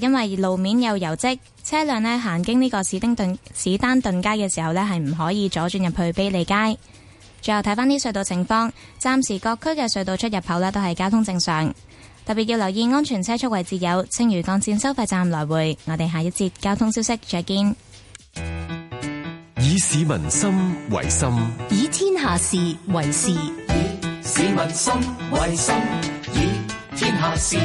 因為路面有油漬，車輛咧行經呢個史丁頓史丹頓街嘅時候咧係唔可以左轉入去卑利街。最後睇返啲隧道情況，暫時各區嘅隧道出入口咧都係交通正常，特別要留意安全車速位置有青嶼幹線收費站來回。我哋下一節交通消息再見。以市民心為心，以天下事為事。以市民心為心，以天下事。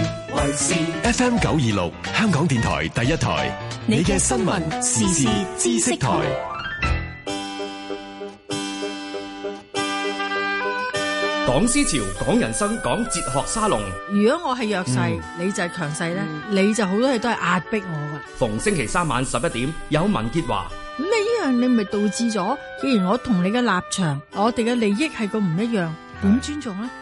F M 九二六香港電台第一台，你嘅新聞時事知識台，講思潮，講人生，講哲學沙龍。如果我係弱勢，嗯、你就係強勢咧，嗯、你就好多嘢都係壓迫我噶。嗯、逢星期三晚十一點有文潔華話，咁你呢樣你咪導致咗？既然我同你嘅立場，我哋嘅利益係個唔一樣，點是尊重咧？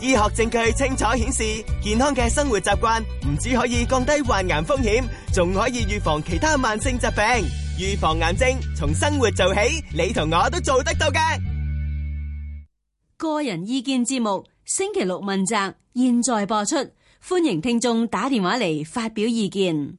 醫學證據清楚顯示，健康嘅生活習慣唔止可以降低患癌風險，仲可以預防其他慢性疾病。預防癌症從生活做起，你同我都做得到嘅。個人意見節目，星期六問責，現在播出，歡迎聽眾打電話嚟發表意見。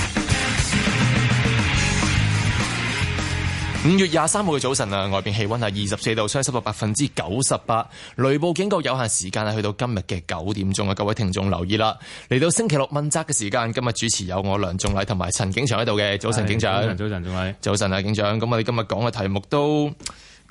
五月廿三號嘅早晨啊，外邊氣溫係二十四度，相對濕度百分之九十八，雷暴警告有限時間係去到今日嘅九點鐘啊！各位聽眾留意啦，嚟到星期六問責嘅時間，今日主持有我梁仲禮同埋陳景祥喺度嘅。早晨景祥，早晨仲禮，早晨啊景祥，咁我哋今日講嘅題目都。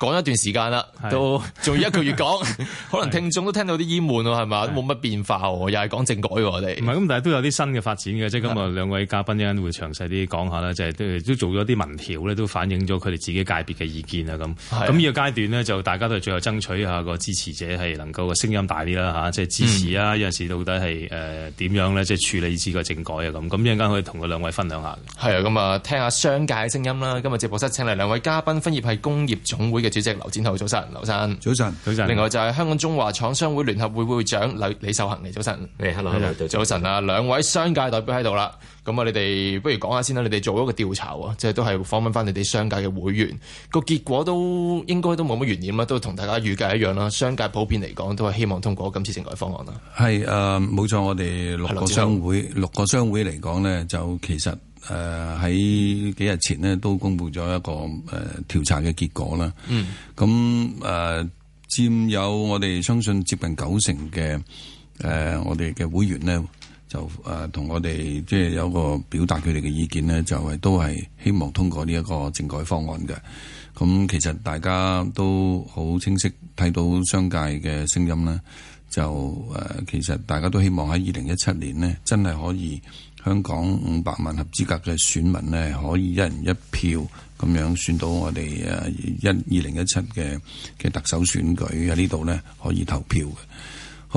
講一段時間啦，是都做一個月講， 可能聽眾都聽到啲厭悶喎，係咪？是都冇乜變化喎，又係講政改喎，我哋唔係咁，但係都有啲新嘅發展嘅，即、就、係、是、今日兩位嘉賓一陣會，會詳細啲講下啦，即、就、係、是、都做咗啲民調咧，都反映咗佢哋自己界別嘅意見啊，咁咁呢個階段呢，就大家都係最後爭取下個支持者係能夠個聲音大啲啦嚇，即、啊、係、就是、支持啊！有陣時到底係誒點樣咧？即、就、係、是、處理呢個政改啊咁，咁一陣間可以同佢兩位分享下嘅。係啊，咁、嗯、啊聽下商界嘅聲音啦。今日直播室請嚟兩位嘉賓，分別係工業總會嘅。主席劉展灝，早晨，劉生，早晨，早晨。另外就係香港中華廠商會聯合會會長李李秀恒嚟，早晨，誒，hello，早晨，早晨啊，兩位商界代表喺度啦。咁啊，你哋不如講下先啦。你哋做咗一個調查啊，即係都係訪問翻你哋商界嘅會員，個結果都應該都冇乜懸念啦，都同大家預計一樣啦。商界普遍嚟講，都係希望通過今次政改方案啦。係誒，啊，冇錯，我哋六個商會，的六個商會嚟講咧，就其實。誒喺、呃、幾日前呢都公布咗一個誒調、呃、查嘅結果啦。嗯。咁誒、呃、佔有我哋相信接近九成嘅誒、呃、我哋嘅會員呢，就誒、呃、同我哋即係有個表達佢哋嘅意見呢，就係、是、都係希望通過呢一個政改方案嘅。咁其實大家都好清晰睇到商界嘅聲音啦。就誒、呃、其實大家都希望喺二零一七年呢，真係可以。香港五百萬合資格嘅選民呢，可以一人一票咁樣選到我哋誒一二零一七嘅嘅特首選舉喺呢度呢，可以投票嘅。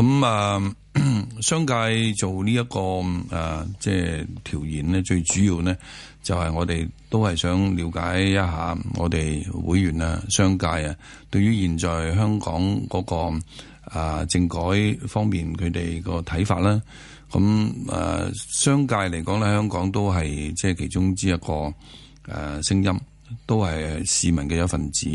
咁、嗯、啊，商界做呢、這、一個誒、啊，即係調研呢，最主要呢，就係我哋都係想了解一下我哋會員啊、商界啊，對於現在香港嗰、那個啊政改方面佢哋個睇法啦。咁誒，商界嚟講咧，香港都係即係其中之一個誒聲音，都係市民嘅一份子。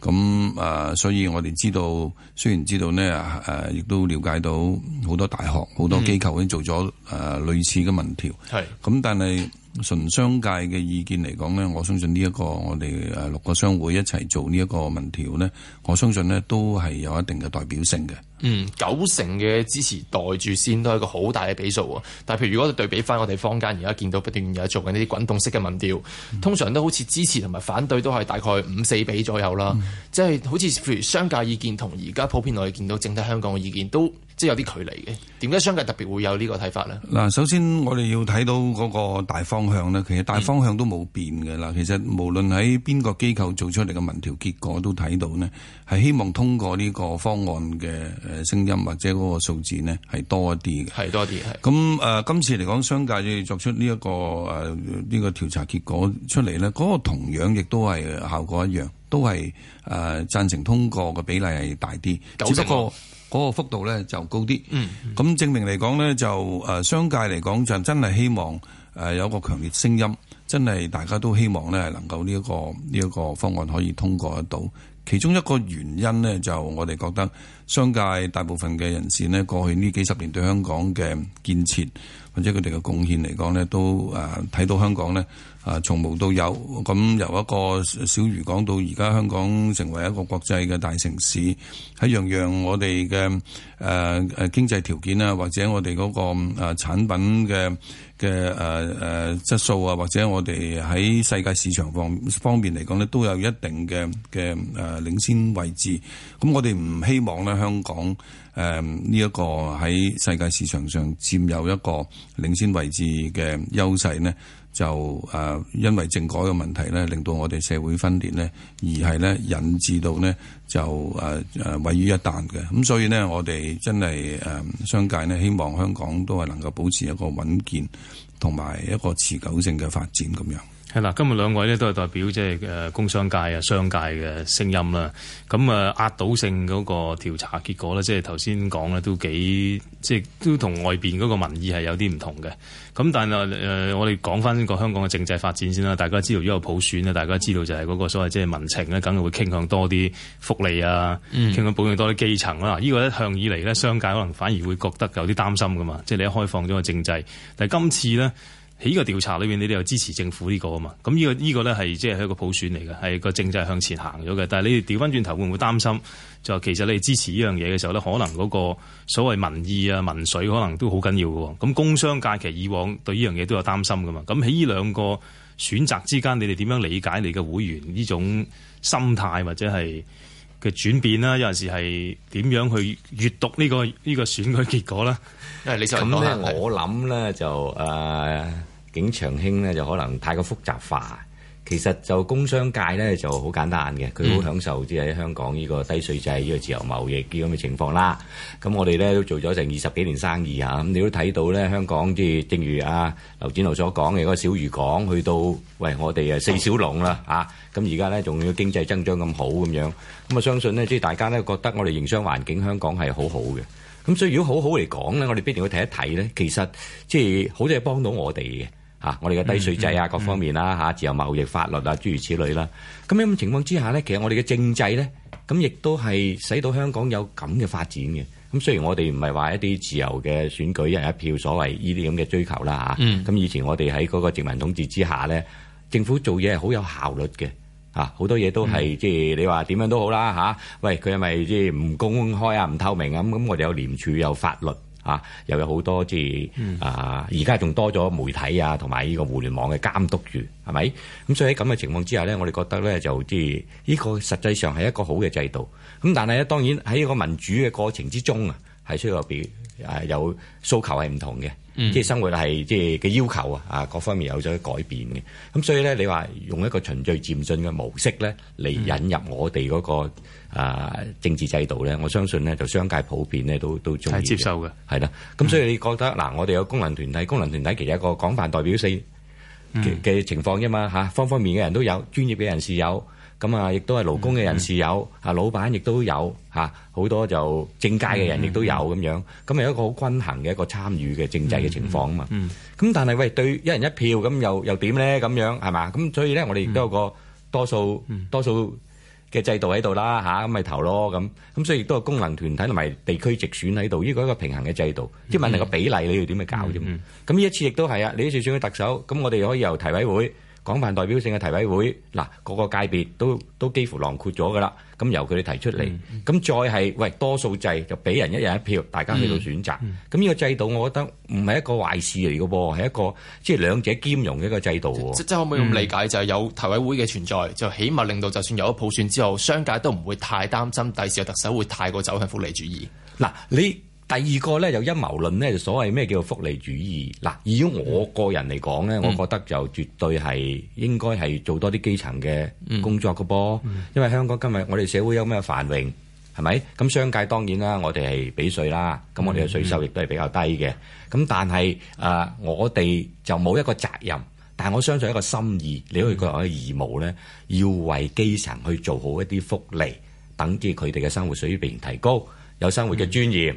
咁誒，所以我哋知道，雖然知道呢，誒亦都了解到好多大學、好多機構已經做咗誒類似嘅民調。咁是但係。純商界嘅意見嚟講呢，我相信呢、這、一個我哋誒六個商會一齊做呢一個民調呢，我相信呢都係有一定嘅代表性嘅。嗯，九成嘅支持袋住先都係一個好大嘅比數喎。但譬如如果對比返我哋坊間而家見到不斷有做緊呢啲滾動式嘅民調，嗯、通常都好似支持同埋反對都係大概五四比左右啦。即係、嗯、好似譬如商界意見同而家普遍我哋見到整體香港嘅意見都。即係有啲距離嘅，點解商界特別會有呢個睇法呢？嗱，首先我哋要睇到嗰個大方向呢，其實大方向都冇變嘅啦。嗯、其實無論喺邊個機構做出嚟嘅民調結果都睇到呢，係希望通過呢個方案嘅聲音或者嗰個數字呢，係多一啲嘅，係多啲。咁誒、呃，今次嚟講商界作出呢、這、一個誒呢、呃這個調查結果出嚟呢，嗰、那個同樣亦都係效果一樣，都係誒、呃、贊成通過嘅比例係大啲，九成，只不過，嗰個幅度呢就高啲，嗯，咁證明嚟講呢就誒商界嚟講就真係希望誒有個強烈聲音，真係大家都希望呢能夠呢一個呢一個方案可以通過得到。其中一個原因呢就我哋覺得。商界大部分嘅人士呢，過去呢幾十年對香港嘅建設或者佢哋嘅貢獻嚟講呢，都誒睇到香港呢誒從無到有。咁由一個小漁港到而家香港成為一個國際嘅大城市，喺樣樣我哋嘅誒誒經濟條件啊，或者我哋嗰個誒產品嘅嘅誒誒質素啊，或者我哋喺世界市場方方面嚟講呢，都有一定嘅嘅誒領先位置。咁我哋唔希望呢。香港誒呢一個喺世界市場上佔有一個領先位置嘅優勢咧，就、呃、因為政改嘅問題咧，令到我哋社會分裂咧，而係咧引致到咧就、呃呃、毀於一旦嘅咁、嗯，所以咧我哋真係誒、呃、商界咧希望香港都係能夠保持一個穩健同埋一個持久性嘅發展咁樣。係啦，今日兩位咧都係代表即係誒工商界啊、商界嘅聲音啦。咁啊，壓倒性嗰個調查結果咧，即係頭先講咧都幾即係都同外邊嗰個民意係有啲唔同嘅。咁但係誒，我哋講翻呢個香港嘅政制發展先啦。大家知道呢個普選咧，大家知道就係嗰個所謂即係民情咧，梗係會傾向多啲福利啊，傾向保養多啲基層啦。呢個一向以嚟咧，商界可能反而會覺得有啲擔心噶嘛。即係你一開放咗個政制，但係今次咧。喺呢個調查裏邊，你哋又支持政府呢、這個啊嘛？咁、這、呢個呢、這個咧係即係一個普選嚟嘅，係個政制向前行咗嘅。但係你哋調翻轉頭，會唔會擔心？就其實你哋支持呢樣嘢嘅時候咧，可能嗰個所謂民意啊、民粹可能都好緊要嘅。咁工商界其實以往對呢樣嘢都有擔心嘅嘛。咁喺呢兩個選擇之間，你哋點樣理解你嘅會員呢種心態或者係嘅轉變啦？有陣時係點樣去閱讀呢、這個呢、這個選舉結果啦？咁樣是我諗咧就誒。啊景長興咧就可能太過複雜化，其實就工商界咧就好簡單嘅，佢好享受即係喺香港呢個低稅制、呢、這個自由貿易啲咁嘅情況啦。咁我哋咧都做咗成二十幾年生意嚇，咁你都睇到咧香港即係正如啊劉展鴻所講嘅嗰個小漁港，去到喂我哋啊四小龍啦咁而家咧仲要經濟增長咁好咁樣，咁啊相信呢，即係大家呢覺得我哋營商環境香港係好好嘅。咁所以如果好好嚟講咧，我哋必定要睇一睇咧，其實即係好嘅幫到我哋嘅。嚇、啊！我哋嘅低稅制啊，嗯嗯、各方面啦、啊、嚇、啊，自由貿易法律啊，諸如此類啦、啊。咁樣咁情況之下咧，其實我哋嘅政制咧，咁亦都係使到香港有咁嘅發展嘅。咁、啊、雖然我哋唔係話一啲自由嘅選舉一人一票，所謂呢啲咁嘅追求啦嚇。咁、啊嗯啊、以前我哋喺嗰個殖民統治之下咧，政府做嘢係好有效率嘅。啊好多嘢都係即係你話點樣都好啦嚇、啊。喂，佢係咪即係唔公開啊、唔透明啊？咁咁，我哋有廉署有法律。啊，又有好多即係啊，而家仲多咗媒體啊，同埋呢個互聯網嘅監督員，係咪？咁所以喺咁嘅情況之下咧，我哋覺得咧就即係呢個實際上係一個好嘅制度。咁但係咧，當然喺一個民主嘅過程之中啊，係需要俾啊有訴求係唔同嘅。嗯、即係生活係，即係嘅要求啊！啊，各方面有咗改變嘅，咁所以咧，你話用一個循序漸進嘅模式咧，嚟引入我哋嗰、那個、嗯、啊政治制度咧，我相信咧就商界普遍咧都都中接受嘅，係啦的。咁、嗯、所以你覺得嗱，我哋有功能團體，功能團體其實一個廣泛代表性嘅情況啫嘛吓，嗯、方方面嘅人都有，專業嘅人士有。咁啊，亦都係勞工嘅人士有，嚇老闆亦都有，嚇好多就政界嘅人亦都有咁樣，咁係一個好均衡嘅一個參與嘅政制嘅情況啊嘛。咁但係喂，對一人一票咁又又點咧？咁樣係嘛？咁所以咧，我哋亦都有個多數多數嘅制度喺度啦，嚇咁咪投咯咁。咁所以亦都有功能團體同埋地區直選喺度，呢個一個平衡嘅制度。即係問題個比例你要點去搞啫嘛？咁呢一次亦都係啊，你呢次選佢特首，咁我哋可以由提委會。廣泛代表性嘅提委會，嗱，個個界別都都幾乎囊括咗噶啦，咁由佢哋提出嚟，咁、嗯、再係喂多數制就俾人一人一票，大家喺度選擇，咁呢、嗯、個，個，個，個制度，我覺得唔係一個壞事嚟嘅噃，係一個即係兩者兼容嘅一個制度喎。即即可唔可以咁理解、嗯、就係有提委會嘅存在，就起碼令到就算有咗普選之後，商界都唔會太擔心第時嘅特首會太過走向福利主義。嗱、啊，你。第二個咧，有陰謀論咧，就所謂咩叫福利主義嗱。以我個人嚟講咧，嗯、我覺得就絕對係應該係做多啲基層嘅工作嘅噃，嗯嗯、因為香港今日我哋社會有咩繁榮係咪？咁商界當然啦，我哋係俾稅啦，咁我哋嘅稅收亦都係比較低嘅。咁、嗯嗯、但係誒、呃，我哋就冇一個責任，但係我相信一個心意，你可以講嘅義務咧，嗯、要為基層去做好一啲福利，等結佢哋嘅生活水平提高，有生活嘅尊嚴。嗯嗯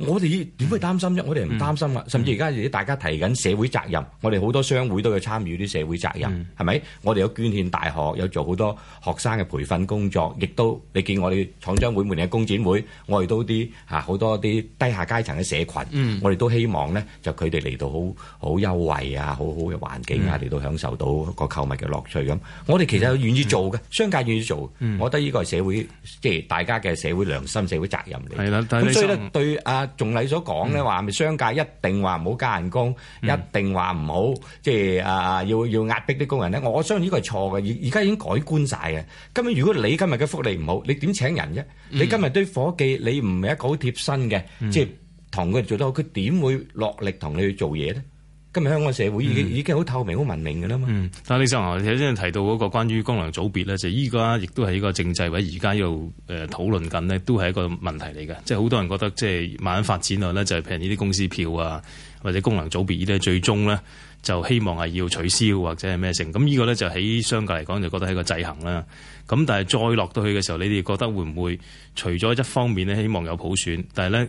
我哋點會擔心啫，我哋唔擔心噶，嗯、甚至而家大家提緊社會責任，我哋好多商會都有參與啲社會責任，係咪、嗯？我哋有捐獻大學，有做好多學生嘅培訓工作，亦都你見我哋廠商會門嘅工展會，我哋都啲嚇好多啲低下階層嘅社群，嗯、我哋都希望咧就佢哋嚟到好好優惠啊，好好嘅環境啊，嚟、嗯、到享受到個購物嘅樂趣咁。我哋其實願意做嘅，嗯、商界願意做，嗯、我覺得呢個係社會即係、就是、大家嘅社會良心、社會責任嚟。係啦，所以咧對啊。仲你所講咧，話咪商界一定話唔好加人工，一定話唔好，即係啊，要要壓迫啲工人咧。我相信呢個係錯嘅，而而家已經改觀曬嘅。咁樣如果你今日嘅福利唔好，你點請人啫？你今日對夥計你唔係一個好貼身嘅，即係同佢哋做得好，佢點會落力同你去做嘢咧？今日香港社會已經已經好透明、好、嗯、文明㗎啦嘛。嗯、但係李生，我哋頭先提到嗰個關於功能組別咧，就依家亦都係呢個政制位，而家要誒討論緊呢，都係一個問題嚟嘅。即係好多人覺得，即係慢慢發展落咧，就係譬如呢啲公司票啊，或者功能組別，最呢，啲最終咧就希望係要取消或者係咩成。咁呢個咧就喺商界嚟講，就覺得係一個制衡啦。咁但係再落到去嘅時候，你哋覺得會唔會除咗一方面咧，希望有普選，但係咧？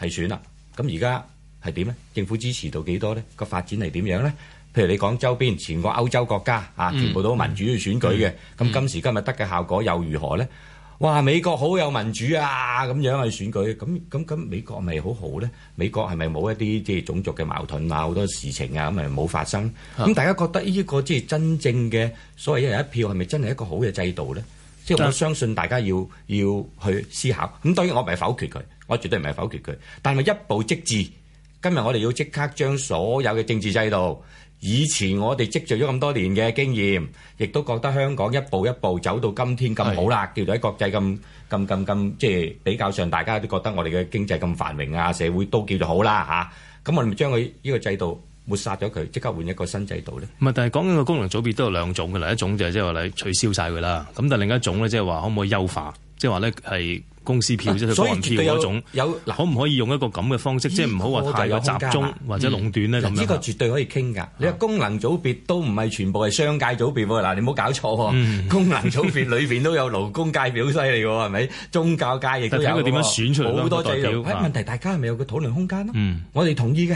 係選啦，咁而家係點咧？政府支持到幾多咧？個發展係點樣咧？譬如你講周邊，全個歐洲國家啊，嗯、全部都民主去選舉嘅，咁、嗯嗯、今時今日得嘅效果又如何咧？哇，美國好有民主啊，咁樣去選舉，咁咁咁，美國咪好好咧？美國係咪冇一啲即係種族嘅矛盾啊，好多事情啊，咁咪冇發生？咁是的 大家覺得呢、這個即係真正嘅所謂一人一票，係咪真係一個好嘅制度咧？即係我相信大家要要去思考。咁當然我唔係否決佢。我絕對唔係否決佢，但係一步即治。今日我哋要即刻將所有嘅政治制度，以前我哋積聚咗咁多年嘅經驗，亦都覺得香港一步一步走到今天咁好啦，叫做喺國際咁、咁、咁、咁，即係比較上大家都覺得我哋嘅經濟咁繁榮啊，社會都叫做好啦嚇。咁我哋咪將佢呢個制度抹殺咗佢，即刻換一個新制度咧。唔係，但係講緊個功能組別都有兩種嘅啦，一種就係即係話你取消曬佢啦，咁但係另一種咧，即係話可唔可以優化？即係話咧，係公司票即係黃票嗰種，有嗱，可唔可以用一個咁嘅方式，即係唔好話太過集中或者壟斷咧咁樣。呢個絕對可以傾噶。你話功能組別都唔係全部係商界組別喎，嗱，你唔好搞錯喎。功能組別裏邊都有勞工界表犀利喎，係咪？宗教界亦都有，究竟佢點樣選出嚟？好多代表。問題大家係咪有個討論空間咯？我哋同意嘅，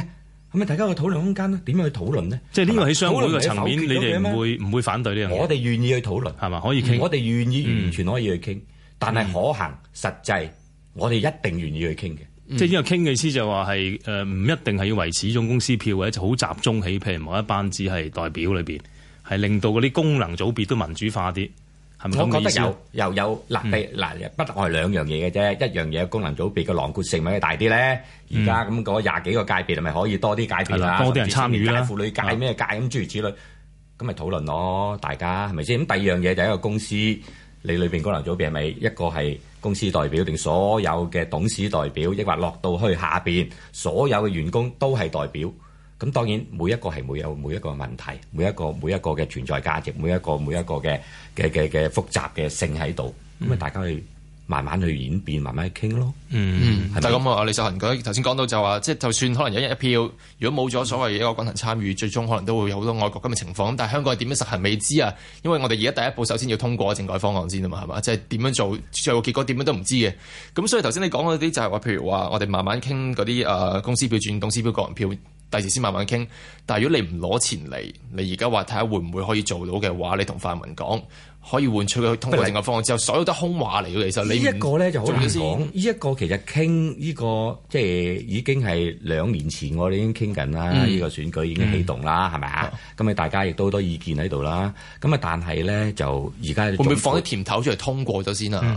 咁啊，大家有個討論空間咯，點樣去討論呢？即係呢個喺商會嘅層面，你哋唔會唔會反對呢樣嘢？我哋願意去討論，係咪？可以傾。我哋願意完全可以去傾。但係可行，實際，我哋一定願意去傾嘅。即係因為傾嘅意思就話係誒，唔一定係要維持一種公司票或者就好集中喺譬如某一班子係代表裏邊，係令到嗰啲功能組別都民主化啲，係咪咁意思？我覺得有又有嗱，嗱，不外兩樣嘢嘅啫。一樣嘢功能組別嘅囊括性咪大啲咧。而家咁嗰廿幾個界別係咪可以多啲界別啦？多啲人參與嘅婦女界咩界咁諸如此類，咁咪討論咯，大家係咪先？咁第二樣嘢就係一個公司。你裏邊功能組別係咪一個係公司代表，定所有嘅董事代表，抑或落到去下邊所有嘅員工都係代表？咁當然每一個係每有每一個問題，每一個每一個嘅存在價值，每一個每一個嘅嘅嘅嘅複雜嘅性喺度。咁啊，大家去，慢慢去演變，慢慢傾咯。嗯嗯，就咁啊！李秀恒講頭先講到就話，即係就算可能有一日一票，如果冇咗所謂一個均衡參與，最終可能都會有好多外國咁嘅情況。但係香港係點樣實行未知啊？因為我哋而家第一步首先要通過政改方案先啊嘛，係嘛？即係點樣做，最後結果點樣都唔知嘅。咁所以頭先你講嗰啲就係話，譬如話我哋慢慢傾嗰啲誒公司票轉公司票、個人票，第時先慢慢傾。但係如果你唔攞錢嚟，你而家話睇下會唔會可以做到嘅話，你同泛民講。可以換取佢通過另外方案之後，所有都空話嚟嘅。其實呢一個咧就好難講。呢一個其實傾呢個即係已經係兩年前，我哋已經傾緊啦。呢個選舉已經起動啦，係咪啊？咁咪大家亦都好多意見喺度啦。咁啊，但係咧就而家會唔會放啲甜頭出嚟通過咗先啊？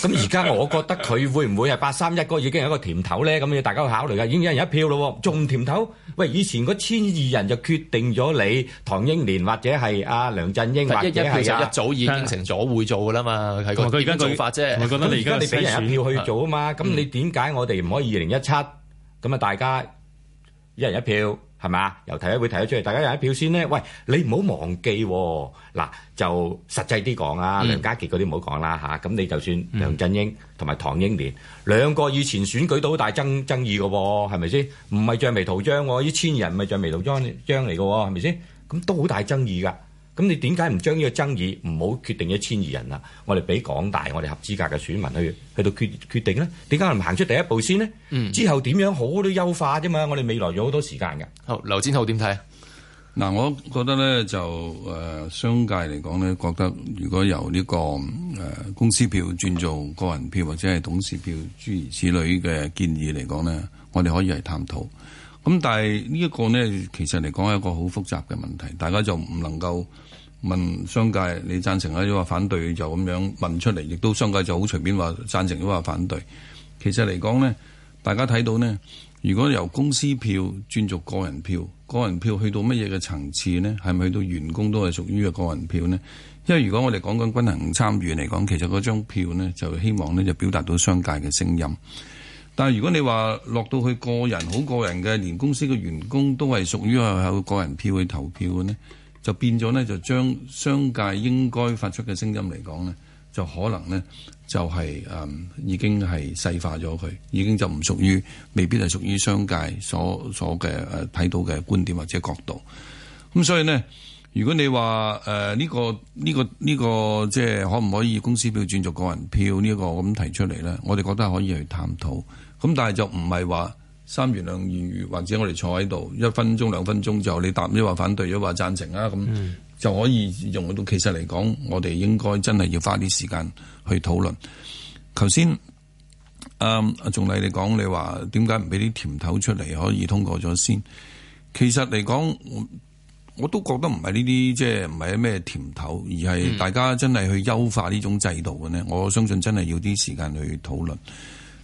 咁而家我覺得佢會唔會係八三一嗰個已經係一個甜頭咧？咁要大家去考慮嘅，已經有人一票咯，仲甜頭？喂，以前嗰千二人就決定咗你唐英年或者係阿梁振英或者係一組。已經成咗會做噶啦嘛，佢而家做法啫。咁你俾人一票去做啊嘛，咁你點解我哋唔可以二零一七咁啊？大家一人一票係咪？由體委會提咗出嚟，大家一人一票先咧。喂，你唔好忘記嗱，就實際啲講啊。梁家傑嗰啲唔好講啦嚇，咁你就算梁振英同埋唐英年兩個以前選舉都好大爭爭議個喎，係咪先？唔係橡皮圖章喎，一千人咪橡皮圖章嚟個喎，係咪先？咁都好大爭議噶。咁你點解唔將呢個爭議唔好決定一千二人啦？我哋俾廣大我哋合資格嘅選民去去到決，決定呢？點解唔行出第一步先呢？嗯、之後點樣好多優化啫嘛？我哋未來有好多時間嘅。好，劉展灝點睇啊？嗱，我覺得呢就誒、呃、商界嚟講呢覺得，如果由呢、呢個、呃、公司票轉做個人票或者係董事票諸如此類嘅建議嚟講呢，我哋可以係探討。咁但係呢一個呢，其實嚟講係一個好複雜嘅問題，大家就唔能夠。問商界，你贊成啊？亦話反對，就咁樣問出嚟，亦都商界就好隨便話贊成亦話反對。其實嚟講呢，大家睇到呢，如果由公司票轉做個人票，個人票去到乜嘢嘅層次呢？係咪去到員工都係屬於個人票呢？因為如果我哋講緊均衡參與嚟講，其實嗰張票呢，就希望呢就表達到商界嘅聲音。但係如果你話落到去個人好個人嘅，連公司嘅員工都係屬於係個人票去投票嘅呢。就變咗咧，就將商界應該發出嘅聲音嚟講咧，就可能咧就係、是嗯、已經係細化咗佢，已經就唔屬於未必係屬於商界所所嘅睇、呃、到嘅觀點或者角度。咁、嗯、所以呢，如果你話呢、呃呢個呢、呢個呢、呢個即係、就是、可唔可以公司票轉做個人票呢、呢個咁提出嚟咧，我哋覺得可以去探討。咁但係就唔係話，三言兩語，或者我哋坐喺度一分鐘兩分鐘，就你答，如果話反對，如果話贊成啊，咁就可以用到。其實嚟講，我哋應該真係要花啲時間去討論。頭先，啊、嗯，仲禮你講你話點解唔俾啲甜頭出嚟可以通過咗先？其實嚟講，我都覺得唔係呢啲即係唔係咩甜頭，而係大家真係去優化呢種制度嘅呢。我相信真係要啲時間去討論。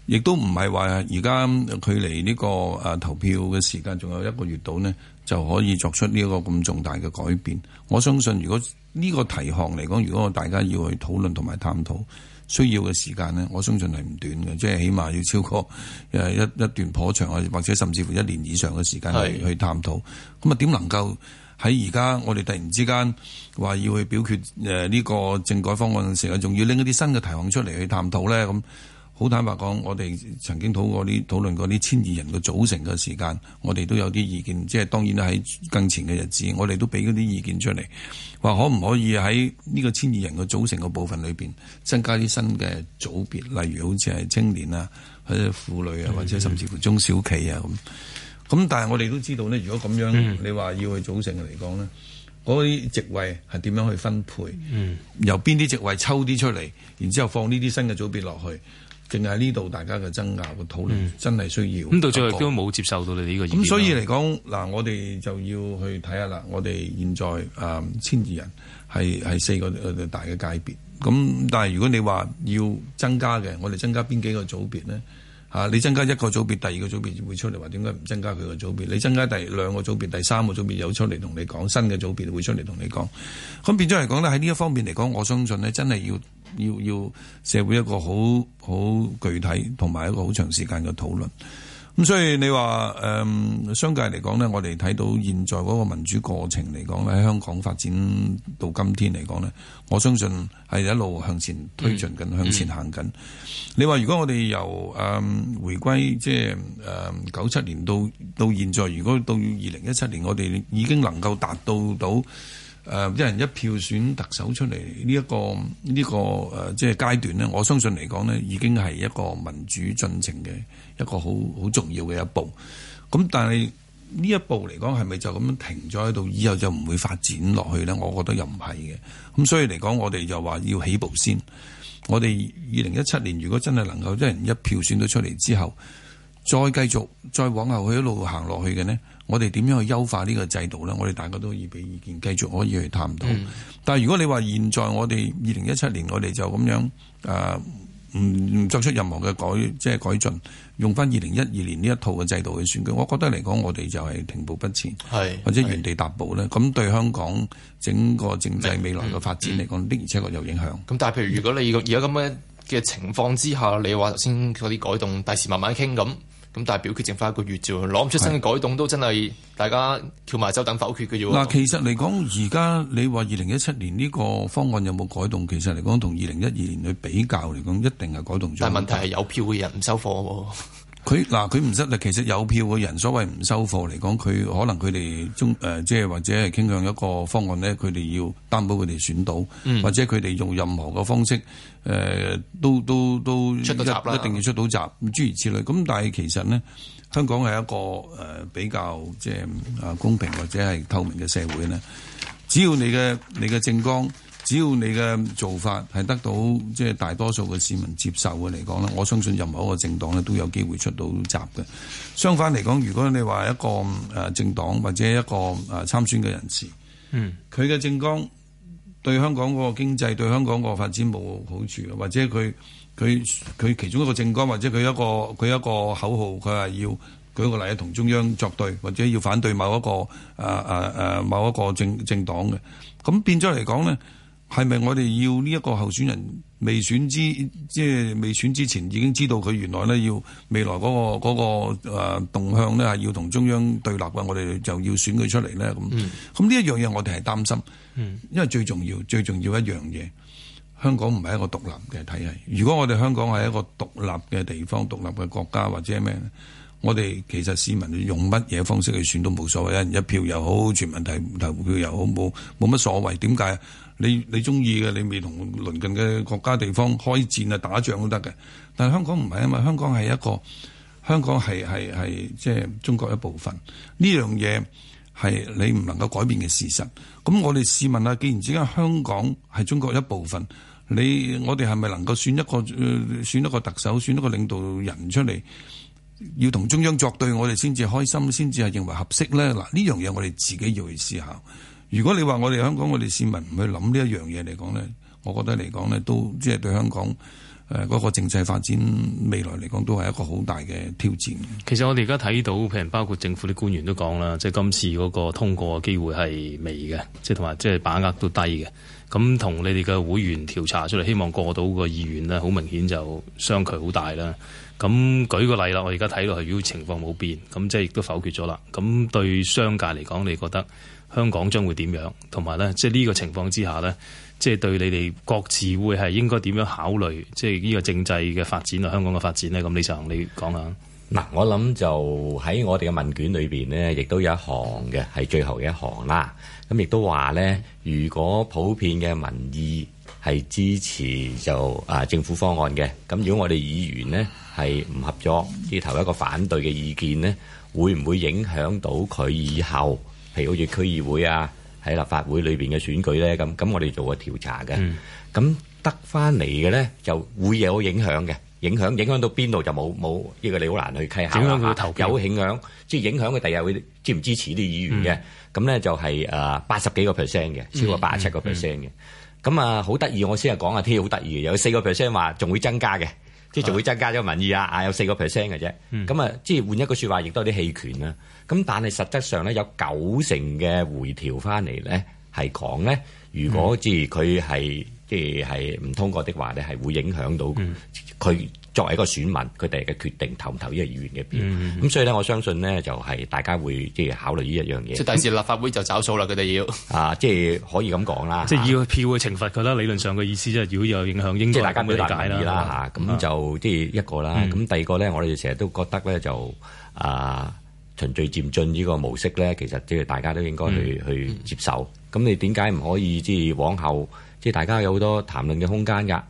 亦都唔係話，而家距離呢個誒投票嘅時間仲有一個月度呢，就可以作出呢一個咁重大嘅改變。我相信，如果呢個題項嚟講，如果大家要去討論同埋探討，需要嘅時間呢，我相信係唔短嘅，即係起碼要超過誒一一段頗長或者甚至乎一年以上嘅時間去探討。咁啊是，點能夠喺而家我哋突然之間話要去表決誒呢個政改方案嘅時候，仲要拎一啲新嘅題項出嚟去探討呢？咁？好坦白講，我哋曾經討過啲討論過啲千二人嘅組成嘅時間，我哋都有啲意見。即係當然喺更前嘅日子，我哋都俾咗啲意見出嚟，話可唔可以喺呢個千二人嘅組成嘅部分裏面，增加啲新嘅組別，例如好似係青年啊，或者婦女啊，或者甚至乎中小企啊咁。咁但係我哋都知道呢，如果咁樣你話要去組成嚟講呢，嗰啲席位係點樣去分配？由邊啲席位抽啲出嚟，然之後放呢啲新嘅組別落去？淨係呢度，大家嘅爭拗嘅討論真係需要。咁到、嗯啊、最後都冇接受到你呢個意見。咁所以嚟講，嗱，我哋就要去睇下啦。我哋現在誒、嗯、千二人係係四個大嘅界別。咁但係如果你話要增加嘅，我哋增加邊幾個組別呢？啊，你增加一個組別，第二個組別就會出嚟話點解唔增加佢個組別？你增加第二兩個組別，第三個組別有出嚟同你講新嘅組別會出嚟同你講。咁變咗嚟講咧，喺呢一方面嚟講，我相信呢真係要。要要社會一個好好具體同埋一個好長時間嘅討論。咁所以你話誒、呃、商界嚟講呢，我哋睇到現在嗰個民主過程嚟講咧，喺香港發展到今天嚟講呢，我相信係一路向前推進緊，嗯、向前行緊。嗯、你話如果我哋由誒、呃、回歸即係九七年到到現在，如果到二零一七年，我哋已經能夠達到到。誒、呃、一人一票選特首出嚟呢一個呢、呢個誒即係階段咧，我相信嚟講咧已經係一個民主進程嘅一個好好重要嘅一步。咁但係呢一步嚟講係咪就咁樣停咗喺度，以後就唔會發展落去呢？我覺得又唔係嘅。咁所以嚟講，我哋就話要起步先。我哋二零一七年如果真係能夠一人一票選到出嚟之後，再繼續再往後去一路行落去嘅呢。我哋點樣去優化呢個制度呢？我哋大家都以俾意見，繼續可以去探討。嗯、但係如果你話現在我哋二零一七年我們就這樣，我哋就咁樣啊，唔作出任何嘅改，即係改進，用翻二零一二年呢一套嘅制度去選舉，我覺得嚟講，我哋就係停步不前，是或者原地踏步呢。咁是對香港整個政制未來嘅發展嚟講，的而且確有影響。咁但係譬如如果你而家咁嘅嘅情況之下，你話頭先嗰啲改動，第時慢慢傾咁。咁但係表決剩翻一個月啫，攞唔出新嘅改動是都真係大家翹埋手等否決嘅啫。嗱，其實嚟講，而家你話二零一七年呢個方案有冇改動，其實嚟講同二零一二年去比較嚟講，一定係改動咗。但係問題係有票嘅人唔收貨喎。 佢嗱，佢唔失力，其實有票嘅人，所謂唔收貨嚟講，佢可能佢哋中即係或者係傾向一個方案咧。佢哋要擔保佢哋選到，嗯、或者佢哋用任何嘅方式誒、呃，都都都一一定要出到閘，咁諸如此類。咁但係其實呢，香港係一個誒、呃、比較即係啊公平或者係透明嘅社會呢，只要你嘅你嘅政綱只要你嘅做法係得到即係、就是、大多數嘅市民接受嘅嚟講呢，我相信任何一個政黨咧都有機會出到閘嘅。相反嚟講，如果你話一個、呃、政黨或者一個、呃、參選嘅人士，嗯，佢嘅政綱對香港嗰個經濟，對香港個發展冇好處，或者佢佢佢其中一個政綱或者佢一個佢一個口號，佢係要舉個例，同中央作對或者要反對某一個誒誒誒某一個政政黨嘅，咁變咗嚟講咧。係咪我哋要呢一個候選人未選之即係未選之前，已經知道佢原來咧要未來嗰、嗰個、嗰個誒、啊、動向咧，要同中央對立嘅，我哋就要選佢出嚟咧咁。咁呢一樣嘢我哋係擔心，因為最重要最重要的一樣嘢，香港唔係一個獨立嘅體系。如果我哋香港係一個獨立嘅地方，獨立嘅國家或者咩，我哋其實市民用乜嘢方式去選都冇所謂，一一票又好，全民投投票又好，冇冇乜所謂。點解？你你中意嘅，你未同鄰近嘅國家地方開戰啊、打仗都得嘅。但係香港唔係啊嘛，香港係一個香港係係係即係中國一部分。呢樣嘢係你唔能夠改變嘅事實。咁我哋試問啊，既然而家香港係中國一部分，你我哋係咪能夠選一個選一個特首、選一個領導人出嚟，要同中央作對，我哋先至開心，先至係認為合適呢？嗱，呢樣嘢我哋自己要去思考。如果你話我哋香港，我哋市民唔去諗呢一樣嘢嚟講呢，我覺得嚟講呢都即係、就是、對香港嗰、呃那個政制發展未來嚟講，都係一個好大嘅挑戰。其實我哋而家睇到，譬如包括政府啲官員都講啦，即、就、係、是、今次嗰個通過機會係微嘅，即係同埋即係把握都低嘅。咁同你哋嘅會員調查出嚟，希望過到個議員呢，好明顯就相距好大啦。咁舉個例啦，我而家睇落去，如果情況冇變，咁即係亦都否決咗啦。咁對商界嚟講，你覺得？香港將會點樣？同埋咧，即係呢個情況之下咧，即係對你哋各自會係應該點樣考慮？即係呢個政制嘅發展啊，香港嘅發展咧。咁李常，你講下嗱。我諗就喺我哋嘅問卷裏面呢，呢亦都有一行嘅係最後嘅一行啦。咁亦都話咧，如果普遍嘅民意係支持就啊政府方案嘅，咁如果我哋議員呢係唔合作，呢頭一個反對嘅意見呢，會唔會影響到佢以後？譬如好似區議會啊，喺立法會裏邊嘅選舉咧，咁咁我哋做過調查嘅，咁、嗯、得翻嚟嘅咧就會有影響嘅，影響影響到邊度就冇冇呢個你好難去計下、啊。點樣嘅投有影響，即係影響佢第日會支唔支持啲議員嘅，咁咧、嗯、就係誒八十幾個 percent 嘅，超過八十七個 percent 嘅，咁啊好得意，我先係講下 T 好得意，嘅，有四個 percent 話仲會增加嘅。即係仲會增加咗民意啊！啊，有四個 percent 嘅啫，咁啊，即係換一個説話，亦都有啲棄權啦。咁但係實質上咧，有九成嘅回調翻嚟咧，係講咧，如果即係佢係。即係唔通過的話咧，係會影響到佢作為一個選民佢哋嘅決定投唔投呢個議員嘅票。咁、嗯、所以咧，我相信呢，就係、是、大家會即係考慮呢一樣嘢。即係第時立法會就找數啦，佢哋、嗯、要啊，即係可以咁講啦。即係要票嘅懲罰，佢啦、啊、理論上嘅意思即係如果有影響，應該大家會理解啦嚇。咁、啊啊、就即係一個啦。咁、嗯、第二個咧，我哋成日都覺得咧就啊循序漸進呢個模式咧，其實即係大家都應該去、嗯、去接受。咁你點解唔可以即係往後？即係大家有好多談論嘅空間㗎，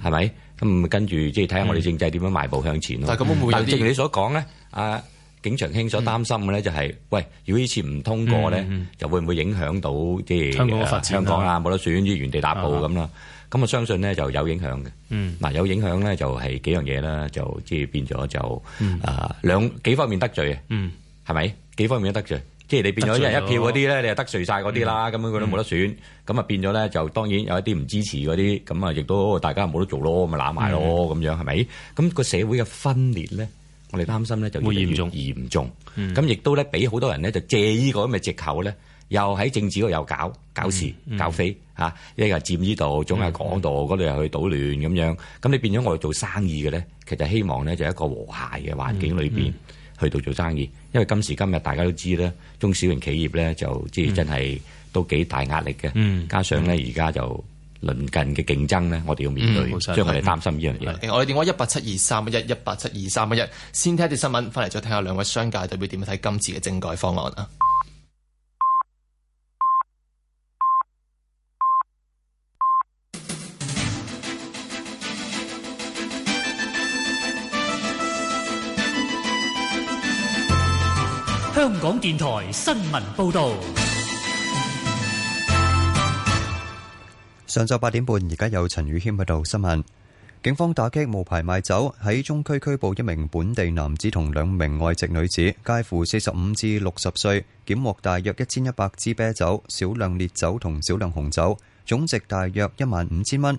係咪、嗯？咁跟住即係睇下我哋政制點樣邁步向前咯。嗯、但係咁會唔正如你所講咧，阿、啊、景祥兄所擔心嘅咧就係、是：喂，如果呢次唔通過咧，嗯嗯、就會唔會影響到即係、啊、香港嘅發展、香港啊冇得選，於原地踏步咁啦？咁吧我相信咧就有影響嘅。嗱、嗯啊，有影響咧就係幾樣嘢啦，就即係變咗就啊兩幾方面得罪嘅，係咪？幾方面得罪？即係你變咗一人一票嗰啲咧，你就得罪曬嗰啲啦，咁佢都冇得選，咁啊變咗咧就當然有一啲唔支持嗰啲，咁啊亦都大家冇得做咯，咪攬埋咯咁樣係咪？咁個社會嘅分裂咧，我哋擔心咧就越嚟越嚴重。嚴重，咁亦都咧俾好多人咧就借呢個咁嘅藉口咧，又喺政治嗰度又搞搞事搞非嚇，一又佔呢度，總係講度嗰度又去搗亂咁樣，咁你變咗我哋做生意嘅咧，其實希望咧就係一個和諧嘅環境裏邊。去到做生意，因為今時今日大家都知咧，中小型企業咧就即係、嗯、真係都幾大壓力嘅。嗯、加上咧而家就鄰近嘅競爭咧，我哋要面對，嗯、對所以我哋擔心呢樣嘢。我哋電話一八七二三一一八七二三一一，先聽一條新聞，翻嚟再聽下兩位商界代表點樣睇今次嘅政改方案啊！香港電台新聞報道：上晝八點半，而家有陳宇謙報道新聞。警方打擊無牌賣酒，喺中區拘捕一名本地男子同兩名外籍女子，介乎四十五至六十歲，檢獲大約一千一百支啤酒、少量烈酒同少量紅酒，總值大約一萬五千蚊。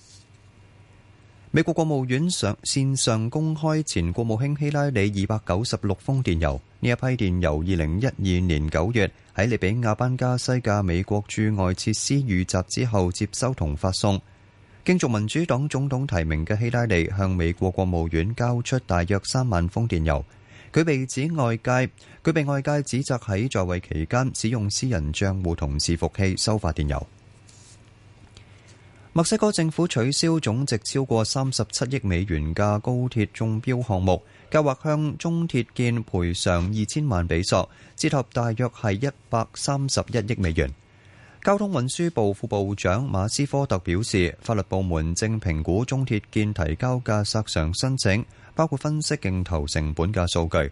美國國務院上線上公開前國務卿希拉里二百九十六封電郵。呢一批電郵，二零一二年九月喺利比亞班加西亞美國駐外設施遇襲之後接收同發送。競逐民主黨總統提名嘅希拉里向美國國務院交出大約三萬封電郵。佢被指外界，佢被外界指責喺在，在位期間使用私人帳戶同伺服器收發電郵。墨西哥政府取消總值超過三十七億美元嘅高鐵中標項目，計劃向中鐵建賠償二千萬比索，折合大約係一百三十一億美元。交通運輸部副部長馬斯科特表示，法律部門正評估中鐵建提交嘅索償申請，包括分析競投成本嘅數據。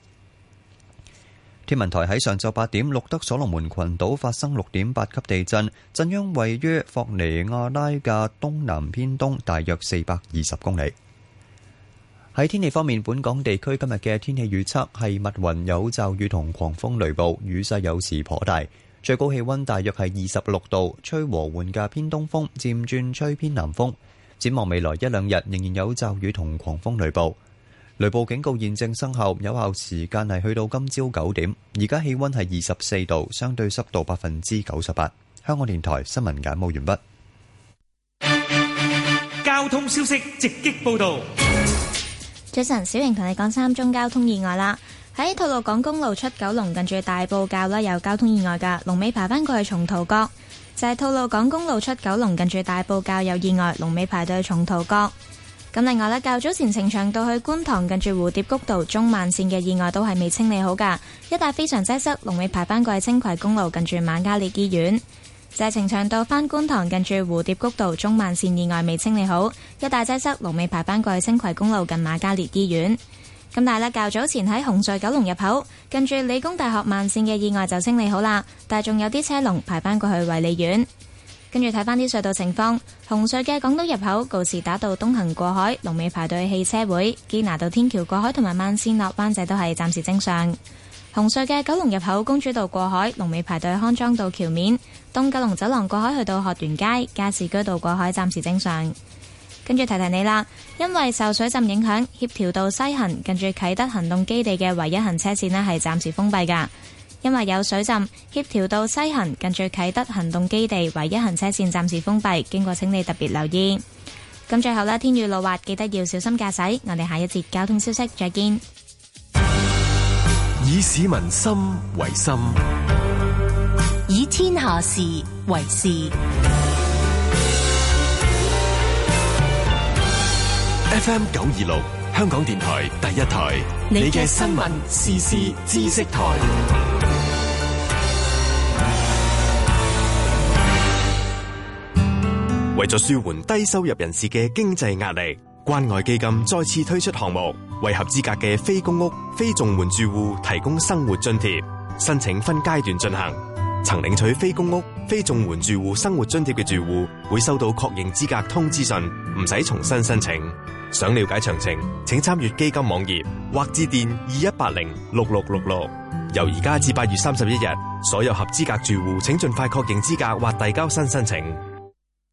天文台喺上晝八點錄得所羅門群島發生六點八級地震，震央位於霍尼亞拉嘅東南偏東，大約四百二十公里。喺天氣方面，本港地區今日嘅天氣預測係密雲有驟雨同狂風雷暴，雨勢有時頗大，最高氣溫大約係二十六度，吹和緩嘅偏東風，漸轉吹偏南風。展望未來一兩日，仍然有驟雨同狂風雷暴。雷暴警告現正生效，有效時間係去到今朝九點。而家氣温係二十四度，相對濕度百分之九十八。香港電台新聞簡報完畢。交通消息直擊報道。早晨，小瑩同你講三宗交通意外啦。喺吐露港公路出九龍近住大埔滘啦，有交通意外噶，龍尾排翻過去松桃角。就係、是、吐露港公路出九龍近住大埔滘有意外，龍尾排隊去松桃角。咁另外咧，較早前呈祥道去觀塘近住蝴蝶谷道中慢線嘅意外都係未清理好噶，一帶非常擠塞，龍尾排返過去青葵公路近住瑪嘉烈醫院。就係呈祥道翻觀塘近住蝴蝶谷道中慢線意外未清理好，一帶擠塞，龍尾排返過去青葵公路近瑪嘉烈醫院。咁但係咧，較早前喺紅隧九龍入口近住理工大學慢線嘅意外就清理好啦，但仲有啲車龍排返過去衛理院。跟住睇返啲隧道情況，紅隧嘅港島入口告士打道東行過海龍尾排隊汽車會，堅拿道天橋過海同埋慢線落灣仔都係暫時正常。紅隧嘅九龍入口公主道過海龍尾排隊康莊道橋面，東九龍走廊過海去到鶴園街加士居道過海暫時正常。跟住提提你啦，因為受水浸影響，協調道西行近住啟德行動基地嘅唯一行車線呢係暫時封閉噶。因為有水浸，協調到西行近住啟德行動基地唯一行車線暫時封閉，經過請你特別留意。咁最後啦，天雨路滑，記得要小心駕駛。我哋下一節交通消息再見。以市民心為心，以天下事為事。FM 九二六，香港電台第一台，你嘅新聞、時事、知識台。為咗舒緩低收入人士嘅經濟壓力，關愛基金再次推出項目，為合資格嘅非公屋、非綜援住戶提供生活津貼。申請分階段進行，曾領取非公屋、非綜援住戶生活津貼嘅住戶會收到確認資格通知信，唔使重新申請。想了解詳情，請參閱基金網頁或致電二一八零六六六六。由而家至八月三十一日，所有合資格住戶請盡快確認資格或遞交新申請。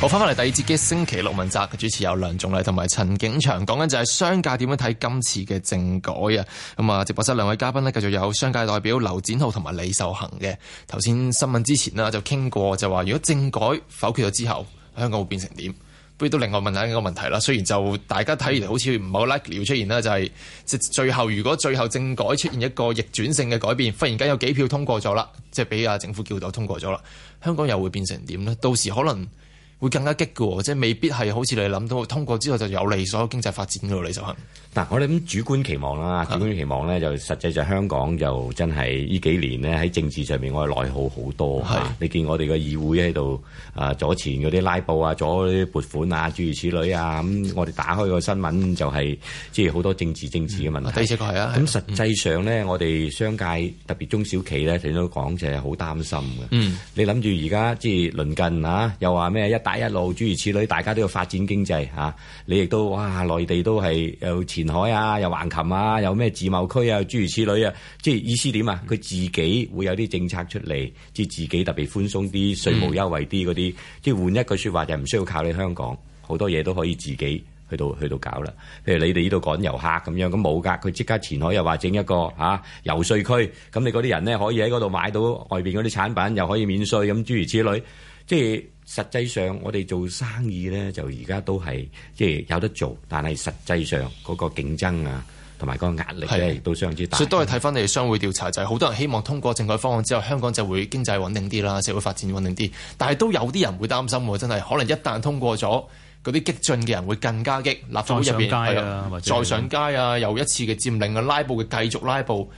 好，翻返嚟第二節嘅星期六問責嘅主持有梁仲禮同埋陳景祥，講緊就係商界點樣睇今次嘅政改啊？咁、嗯、啊，直播室兩位嘉賓呢，繼續有商界代表劉展灝同埋李秀恒嘅。頭先新聞之前啦，就傾過就話，如果政改否決咗之後，香港會變成點？不如都另外問一下一個問題啦。雖然就大家睇嚟好似唔係好 likely 出現啦，就係、是、即最後，如果最後政改出現一個逆轉性嘅改變，忽然間有幾票通過咗啦，即係俾啊政府叫到通過咗啦，香港又會變成點呢？到時可能？會更加激嘅，即係未必係好似你諗到通過之後就有利所有經濟發展嘅喎，你就係。嗱，我哋咁主觀期望啦，主觀期望咧的就實際就香港就真係呢幾年咧喺政治上面，我哋內耗好多。係的、啊，你見我哋個議會喺度啊，阻前嗰啲拉布啊，阻啲撥款啊，諸如此類啊，咁、嗯嗯、我哋打開個新聞就係即係好多政治政治嘅問題。第四係啊，咁、嗯嗯、實際上咧，我哋商界特別中小企咧，聽都講就係好擔心嘅。嗯，你諗住而家即係鄰近啊，又話咩一一路，諸如此類，大家都要發展經濟嚇、啊。你亦都哇，內地都係有前海啊，有橫琴啊，有咩自貿區啊，諸如此類啊。即係意思點啊？佢、嗯、自己會有啲政策出嚟，即係自己特別寬鬆啲，稅務優惠啲嗰啲。即係、嗯、換一句説話，就唔、是、需要靠你香港，好多嘢都可以自己去到去到搞啦。譬如你哋呢度趕遊客咁樣，咁冇噶。佢即刻前海又話整一個嚇、啊、遊說區，咁你嗰啲人呢，可以喺嗰度買到外邊嗰啲產品，又可以免稅咁諸如此類。即係。實際上，我哋做生意咧，就而家都係即係有得做，但係實際上嗰個競爭啊，同埋個壓力的都相當之大。所以都係睇翻你哋商會調查，就係、是、好多人希望通過政改方案之後，香港就會經濟穩定啲啦，社會發展穩定啲。但係都有啲人會擔心喎，真係可能一旦通過咗，嗰啲激進嘅人會更加激，立法會入面再上街啊，又、啊、一次嘅佔領啊，拉布嘅繼續拉布。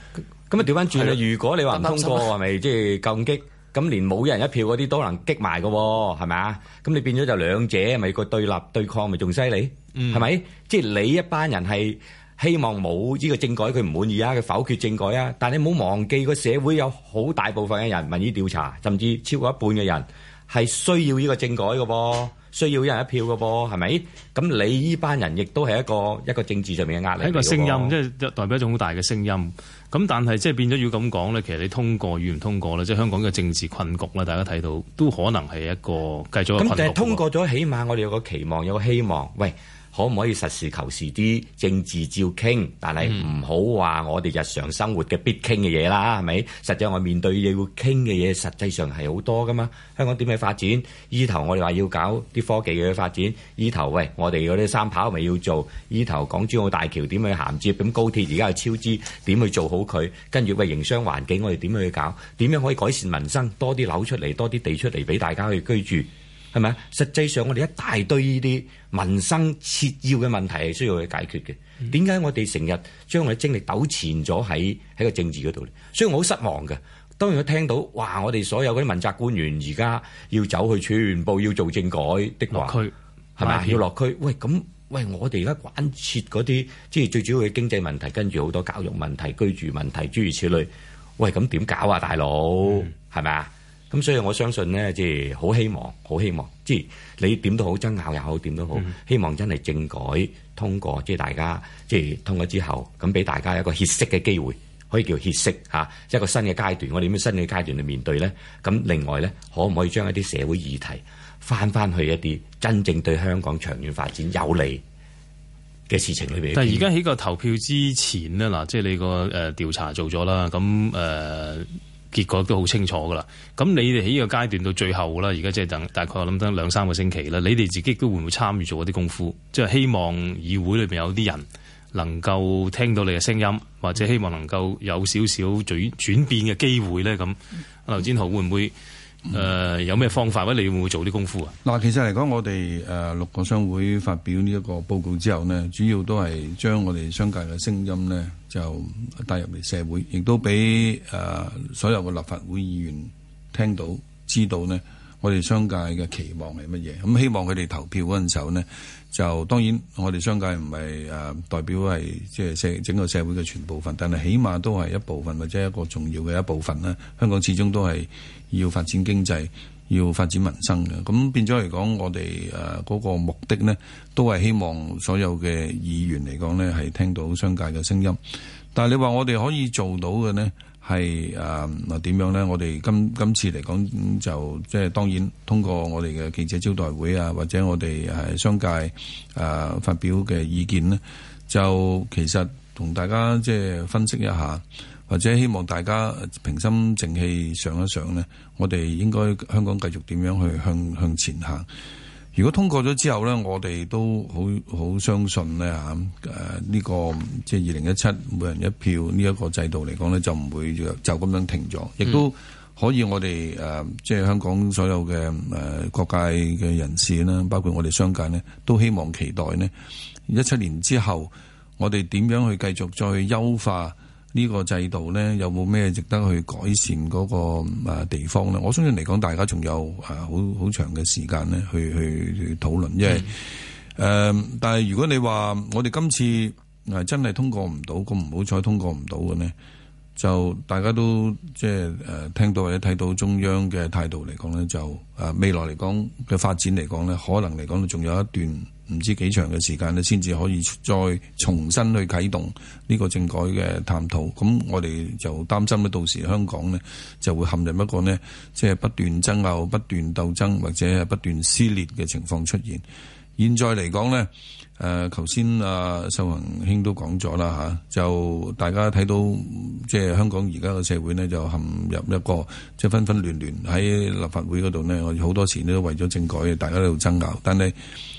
咁啊，調翻轉，的如果你話唔通過係咪即係更激？咁連冇一人一票嗰啲都能擊埋嘅喎，係咪啊？咁你變咗就兩者，咪個對立對抗咪仲犀利？係咪？即係你一班人係希望冇呢個政改，佢唔滿意啊，佢否決政改啊。但係你唔好忘記，個社會有好大部分嘅人，民意調查甚至超過一半嘅人係需要呢個政改嘅噃，需要一人一票嘅噃，係咪？咁你依班人亦都係一個一個政治上面嘅壓力，一個聲音，即係代表一種好大嘅聲音。咁但係即係變咗要咁講咧，其實你通過與唔通過咧，即係香港嘅政治困局呢，大家睇到都可能係一個繼續嘅困局。咁但係通過咗，起碼我哋有個期望，有個希望。喂。可唔可以實事求是啲政治照傾，但係唔好話我哋日常生活嘅必傾嘅嘢啦，係咪？實際我面對要傾嘅嘢，實際上係好多噶嘛。香港點樣去發展？依頭我哋話要搞啲科技嘅發展，依頭喂，我哋嗰啲三跑咪要做，依頭港珠澳大橋點去銜接？咁高鐵而家去超支，點去做好佢？跟住喂，營商環境我哋點去搞？點樣可以改善民生？多啲樓出嚟，多啲地出嚟俾大家去居住。係咪啊？實際上我哋一大堆呢啲民生切要嘅問題係需要去解決嘅。點解我哋成日將我哋精力糾纏咗喺喺個政治嗰度咧？所以我好失望嘅。當然我聽到哇，我哋所有嗰啲問責官員而家要走去全部要做政改嘅話，落區係咪要落區？喂，咁喂，我哋而家關切嗰啲即係最主要嘅經濟問題，跟住好多教育問題、居住問題諸如此類。喂，咁點搞啊，大佬？係咪啊？咁所以我相信呢，即係好希望，好希望，即、就、係、是、你點都好爭拗又好，點都好，好都好嗯、希望真係政改通過，即、就、係、是、大家即係、就是、通過之後，咁俾大家一個歇息嘅機會，可以叫歇息吓，啊就是、一個新嘅階段。我哋點樣新嘅階段去面對咧？咁另外咧，可唔可以將一啲社會議題翻翻去一啲真正對香港長遠發展有利嘅事情裏邊？但係而家喺個投票之前咧，嗱、嗯，即係、呃就是、你個誒、呃、調查做咗啦，咁誒。呃結果都好清楚噶啦，咁你哋喺呢個階段到最後啦，而家即係等大概我諗得兩三個星期啦。你哋自己都會唔會參與做啲功夫？即係希望議會裏邊有啲人能夠聽到你嘅聲音，或者希望能夠有少少轉轉變嘅機會咧。咁劉展灝會唔會誒、呃、有咩方法或你會唔會做啲功夫啊？嗱，其實嚟講，我哋誒六個商會發表呢一個報告之後呢，主要都係將我哋商界嘅聲音咧。就帶入嚟社會，亦都俾誒所有嘅立法會議員聽到知道呢。我哋商界嘅期望係乜嘢？咁希望佢哋投票嗰陣時候呢，就當然我哋商界唔係誒代表係即係社整個社會嘅全部份，但係起碼都係一部分或者一個重要嘅一部分啦。香港始終都係要發展經濟。要發展民生嘅，咁變咗嚟講，我哋誒嗰個目的呢，都係希望所有嘅議員嚟講呢，係聽到商界嘅聲音。但係你話我哋可以做到嘅呢，係誒點樣呢？我哋今今次嚟講就即係當然通過我哋嘅記者招待會啊，或者我哋誒商界誒、呃、發表嘅意見呢，就其實同大家即係分析一下。或者希望大家平心靜氣想一想呢，我哋應該香港繼續點樣去向向前行？如果通過咗之後呢，我哋都好好相信呢，吓、啊、呢、呢個即係二零一七每人一票呢一個制度嚟講呢，就唔會就咁樣停咗，亦都可以我哋誒即係香港所有嘅誒各界嘅人士呢，包括我哋商界呢，都希望期待呢，一七年之後，我哋點樣去繼續再去優化。呢個制度呢，有冇咩值得去改善嗰個地方呢？我相信嚟講，大家仲有誒好好長嘅時間呢去去討論，因為誒，但係如果你話我哋今次誒真係通過唔到，咁唔好彩通過唔到嘅呢，就大家都即係誒聽到或者睇到中央嘅態度嚟講呢，就誒、呃、未來嚟講嘅發展嚟講呢，可能嚟講仲有一段。唔知幾長嘅時間呢先至可以再重新去啟動呢個政改嘅探討。咁我哋就擔心呢到時香港呢就會陷入一個呢，即係不斷爭拗、不斷鬥爭或者不斷撕裂嘅情況出現。現在嚟講呢，誒頭先啊，秀恒兄都講咗啦吓，就大家睇到即係香港而家嘅社會呢，就陷入一個即係紛紛亂亂喺立法會嗰度呢，我好多時都為咗政改，大家喺度爭拗，但係，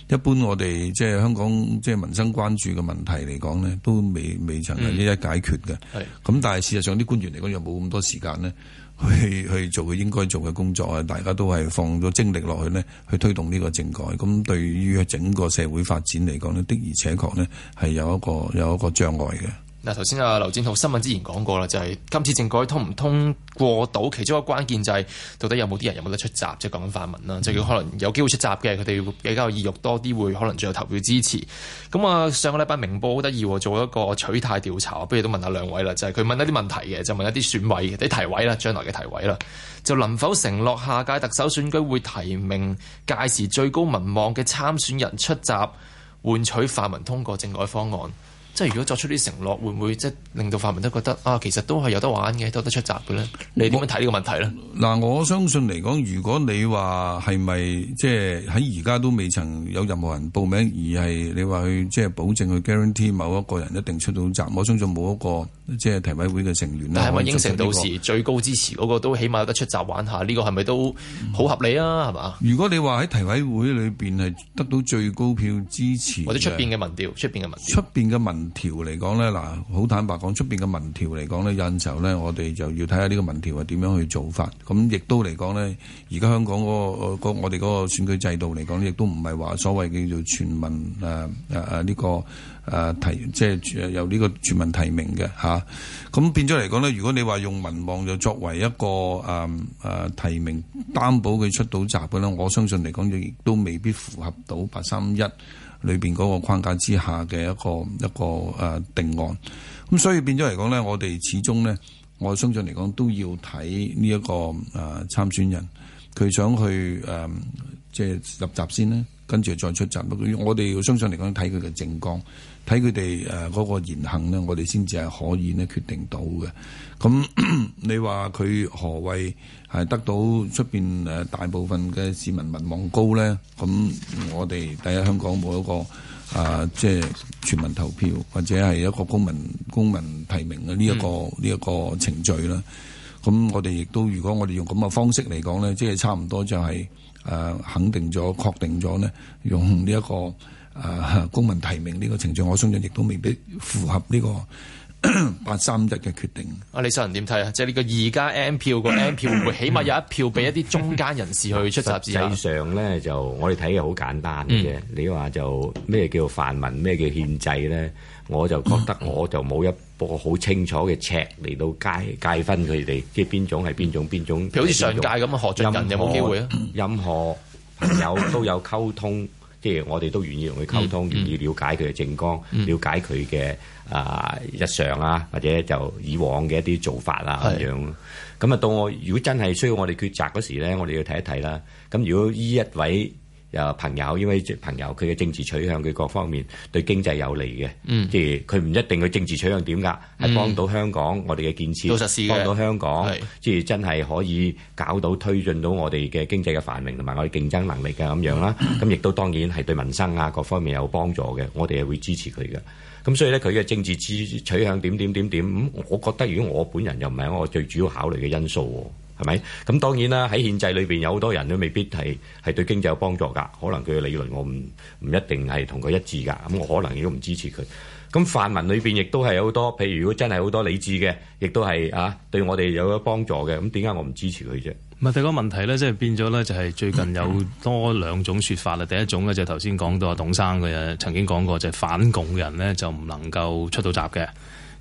一般我哋即係香港即係民生關注嘅問題嚟講咧，都未未曾係一一解決嘅。咁，嗯，但係事實上啲官員嚟講又冇咁多時間咧，去去做佢應該做嘅工作啊！大家都係放咗精力落去咧，去推動呢個政改。咁對於整個社會發展嚟講咧，的而且確咧係有一個有一個障礙嘅。嗱，頭先啊，劉展灝新聞之前講過啦，就係、是、今次政改通唔通過到，其中一個關鍵就係到底有冇啲人有冇得出閘，即係講緊泛民啦。即係、嗯、可能有機會出閘嘅，佢哋比較意欲多啲，會可能最後，投票支持。咁啊，上個禮拜明報好得意喎，做一個取態調查，不如都問下兩位啦。就係、是、佢問一啲問題嘅，就問一啲選委、啲提委啦，將來嘅提委啦，就能否承諾下屆特首選舉，會提名屆時最高民望嘅參選人出閘，換取泛民通過政改方案？即係如果作出啲承諾，會唔會即係令到泛民都覺得啊，其實都係有得玩嘅，都得出閘嘅咧？你點樣睇呢個問題咧？嗱，我相信嚟講，如果你話係咪即係喺而家都未曾有任何人報名，而係你話去即係、就是、保證去 guarantee 某一個人一定出到閘，我相信冇一個即係提委會嘅成員啦、這個。但係話應承到時最高支持嗰個都起碼有得出閘玩下，呢、這個係咪都好合理啊？係嘛、嗯？吧如果你話喺提委會裏面係得到最高票支持，或者出面嘅民調、出邊嘅民、出邊嘅民。條嚟講咧，嗱，好坦白講，出邊嘅民調嚟講咧，有陣時候咧，我哋就要睇下呢個民調係點樣去做法。咁亦都嚟講咧，而家香港嗰個我哋嗰個選舉制度嚟講，亦都唔係話所謂叫做全民誒誒誒呢個誒、呃、提即係由呢個全民提名嘅嚇。咁、啊、變咗嚟講咧，如果你話用民望就作為一個誒誒、呃、提名擔保佢出到閘嘅咧，我相信嚟講亦都未必符合到八三一。裏邊嗰個框架之下嘅一個一個誒、呃、定案，咁、嗯、所以變咗嚟講咧，我哋始終咧，我相信嚟講都要睇呢一個誒參、呃、選人，佢想去誒、呃、即係入閘先呢，跟住再出閘。我哋要相信嚟講睇佢嘅政綱。睇佢哋誒嗰個言行呢，我哋先至係可以咧決定到嘅。咁你話佢何謂係得到出邊誒大部分嘅市民民望高咧？咁我哋第一香港冇一個啊，即、呃、係全民投票或者係一個公民公民提名嘅呢一個呢一、嗯、個程序啦。咁我哋亦都如果我哋用咁嘅方式嚟講咧，即、就、係、是、差唔多就係、是、誒、呃、肯定咗、確定咗呢，用呢、這、一個。誒、呃、公民提名呢個程序，我相信亦都未必符合呢個八三一嘅決定。阿李秀恒點睇啊？即係呢個二加 N 票、個 N 票，會唔會起碼有一票俾一啲中間人士去出集資？實際上咧，就我哋睇嘅好簡單嘅。嗯、你話就咩叫泛民，咩叫憲制咧？我就覺得我就冇一波好清楚嘅尺嚟到界界分佢哋，即係邊種係邊種邊種。好似上屆咁學何俊仁何有冇機會啊？任何朋友都有溝通。即係我哋都願意同佢溝通，願意了解佢嘅政綱，了解佢嘅啊日常啊，或者就以往嘅一啲做法啊，咁是的 樣。咁啊，到我如果真係需要我哋抉擇嗰時咧，我哋要睇一睇啦。咁如果呢一位朋友，因為朋友佢嘅政治取向，佢各方面對經濟有利嘅，嗯、即係佢唔一定佢政治取向點噶，係幫、嗯、到香港我哋嘅建設幫到香港，是即係真係可以搞到推進到我哋嘅經濟嘅繁榮同埋我哋競爭能力嘅咁樣啦。咁亦都當然係對民生啊各方面有幫助嘅，我哋係會支持佢嘅。咁所以咧，佢嘅政治取向點點點點，咁我覺得如果我本人又唔係我最主要考慮嘅因素。係咪？咁當然啦，喺憲制裏邊有好多人都未必係係對經濟有幫助㗎。可能佢嘅理論我唔唔一定係同佢一致㗎。咁我可能亦都唔支持佢。咁泛民裏邊亦都係有好多，譬如如果真係好多理智嘅，亦都係啊對我哋有幫助嘅。咁點解我唔支持佢啫？乜嘅個問題咧，即係變咗咧，就係最近有多兩種説法啦。 第一種咧就頭先講到啊，董生嘅曾經講過，就係反共嘅人咧就唔能夠出到閘嘅。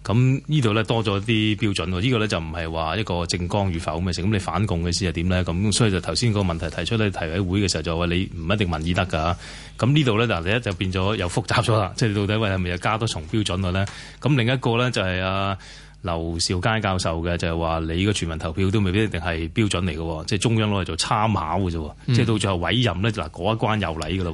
咁呢度咧多咗啲標準喎。呢、這個咧就唔係話一個政綱與否嘅，咁你反共嘅事係點咧？咁所以就頭先個問題提出咧，提委會嘅時候就話你唔一定民意得㗎。咁呢度咧嗱，第一就變咗又複雜咗啦。即、就、係、是、到底喂係咪又加多重標準㗎咧？咁另一個咧就係阿、啊、劉兆佳教授嘅就係、是、話你個全民投票都未必一定係標準嚟嘅，即、就、係、是、中央攞嚟做參考嘅啫。即係、嗯、到最後委任咧嗱嗰一關又嚟㗎啦。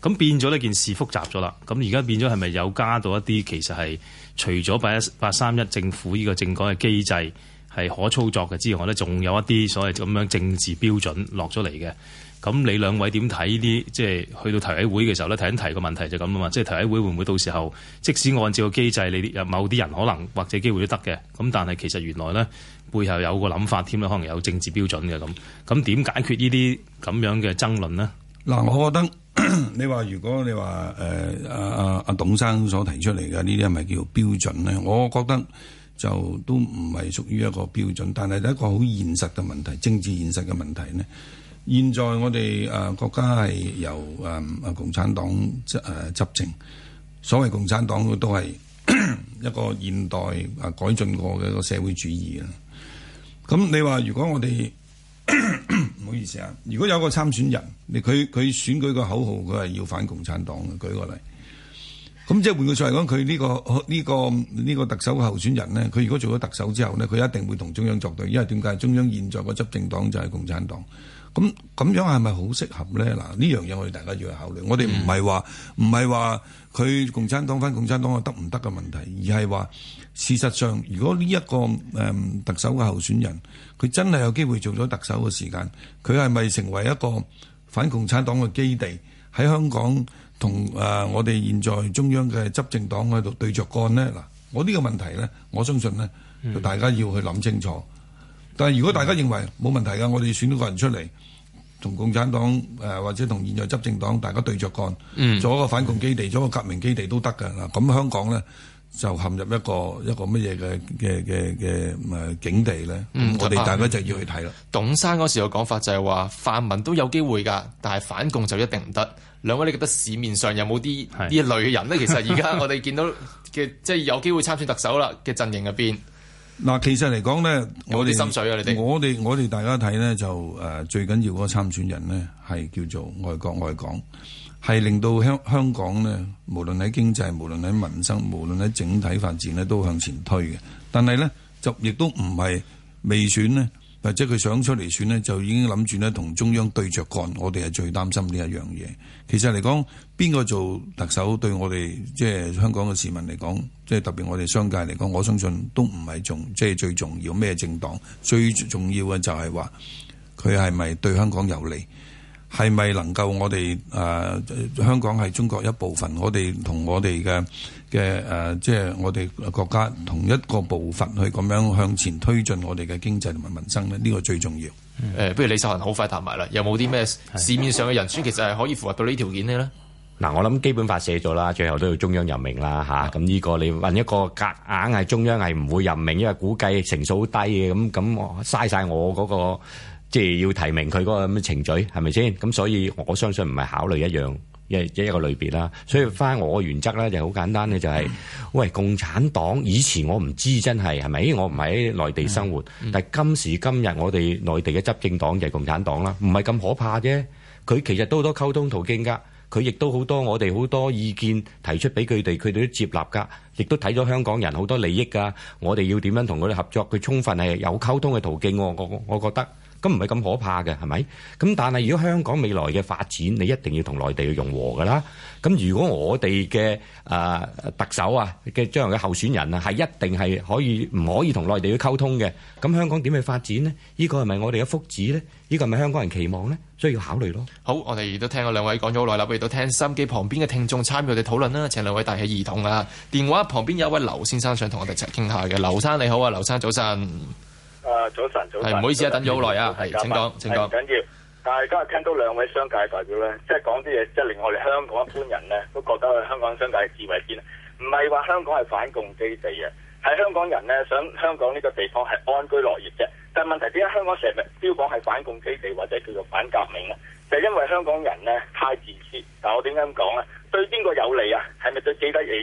咁咁變咗呢件事複雜咗啦。咁而家變咗係咪有加到一啲其實係？除咗八一八三一政府呢個政改嘅機制係可操作嘅之外咧，仲有一啲所謂咁樣政治標準落咗嚟嘅。咁你兩位點睇呢啲？即係去到提委會嘅時候咧，提緊提個問題就咁啊嘛。即係提委會會唔會到時候，即使按照個機制，你啲某啲人可能或者機會都得嘅。咁但係其實原來咧背後有個諗法添啦，可能有政治標準嘅咁。咁點解決呢啲咁樣嘅爭論呢？嗱，我覺得。 你話如果你話誒阿阿董生所提出嚟嘅呢啲係咪叫標準咧？我覺得就都唔係屬於一個標準，但係一個好現實嘅問題，政治現實嘅問題呢。現在我哋誒、呃、國家係由誒、呃、共產黨執誒執政，所謂共產黨都係 一個現代改進過嘅一個社會主義。咁你話如果我哋？唔 好意思啊，如果有個參選人，你佢佢選舉個口號，佢係要反共產黨。舉個例，咁即係換句話說嚟講，佢呢、呢個呢、呢個呢、呢個呢個特首嘅候選人呢，佢如果做咗特首之後呢，佢一定會同中央作對，因為點解？中央現在個執政黨就係共產黨。咁咁樣係咪好適合咧？嗱，呢樣嘢我哋大家要考慮。我哋唔係話唔係話佢共產黨翻共產黨得唔得嘅問題，而係話事實上，如果呢、這、一個誒、呃、特首嘅候選人，佢真係有機會做咗特首嘅時間，佢係咪成為一個反共產黨嘅基地喺香港同誒、呃、我哋現在中央嘅執政黨喺度對着幹呢？嗱，我呢個問題咧，我相信咧，大家要去諗清楚。嗯、但係如果大家認為冇問題㗎，我哋選到個人出嚟。同共產黨誒、呃、或者同現在執政黨大家對着幹，做一個反共基地，做一個革命基地都得㗎啦。咁香港咧就陷入一個一個乜嘢嘅嘅嘅嘅誒境地咧？我哋大家就要去睇啦，啊。董生嗰時嘅講法就係話，泛民都有機會㗎，但係反共就一定唔得。兩位你覺得市面上有冇啲呢類嘅人咧？的其實而家我哋見到嘅 即係有機會參選特首啦嘅陣營入邊。嗱，其實嚟講咧，我哋心水、啊、你哋、我哋我哋大家睇咧就，呃、最緊要嗰個參選人咧，係叫做愛國愛港，係令到香香港咧，無論喺經濟，無論喺民生，無論喺整體發展咧，都向前推嘅。但係咧，就亦都唔係未選呢或者佢想出嚟選呢，就已經諗住呢，同中央對着幹，我哋係最擔心呢一樣嘢。其實嚟講，邊個做特首對我哋即係香港嘅市民嚟講，即係特別我哋商界嚟講，我相信都唔係重即係最重要咩政黨，最重要嘅就係話佢係咪對香港有利，係咪能夠我哋誒、呃、香港係中國一部分，我哋同我哋嘅。嘅誒，即係我哋國家同一個部分去咁樣向前推進我哋嘅經濟同埋民生咧，呢個最重要。誒，不如李秀恒好快答埋啦，有冇啲咩市面上嘅人選其實係可以符合到呢條件咧？嗱，我諗基本法寫咗啦，最後都要中央任命啦嚇。咁呢個你問一個格硬係中央係唔會任命，因為估計成數好低嘅，咁咁嘥曬我嗰個即係要提名佢嗰個咁嘅程序係咪先？咁所以我相信唔係考慮一樣。即一個類別啦，所以翻我個原則咧就好、是、簡單嘅，就係、是、喂，共產黨以前我唔知真係係咪？我唔喺內地生活，的但係今時今日我哋內地嘅執政黨就係共產黨啦，唔係咁可怕啫。佢其實都好多溝通途徑㗎，佢亦都好多我哋好多意見提出俾佢哋，佢哋都接納㗎，亦都睇咗香港人好多利益㗎。我哋要點樣同佢哋合作？佢充分係有溝通嘅途徑，我我覺得。咁唔係咁可怕嘅，係咪？咁但係如果香港未來嘅發展，你一定要同內地去融和㗎啦。咁如果我哋嘅誒特首啊嘅將來嘅候選人啊，係一定係可以唔可以同內地去溝通嘅？咁香港點去發展呢？呢個係咪我哋嘅福祉呢？呢個係咪香港人期望呢？需要考慮咯。好，我哋都聽咗兩位講咗好耐啦，我哋都聽收音機旁邊嘅聽眾參與我哋討論啦。請兩位大系移動啊，電話旁邊有一位劉先生想同我哋一齊傾下嘅，劉生你好啊，劉生早晨。誒，早晨，早晨，唔好意思晨啊，等咗好耐啊，請講，請講，唔緊要。但係今日聽到兩位商界代表咧，即係講啲嘢，即係令我哋香港一般人咧，都覺得香港商界嘅智慧啲啦。唔係話香港係反共基地啊，係香港人咧想香港呢個地方係安居樂業啫。但係問題，點解香港成日標榜係反共基地或者叫做反革命咧？就係因為香港人咧太自私。但我點解咁講咧？對邊個有利啊？係咪對既得利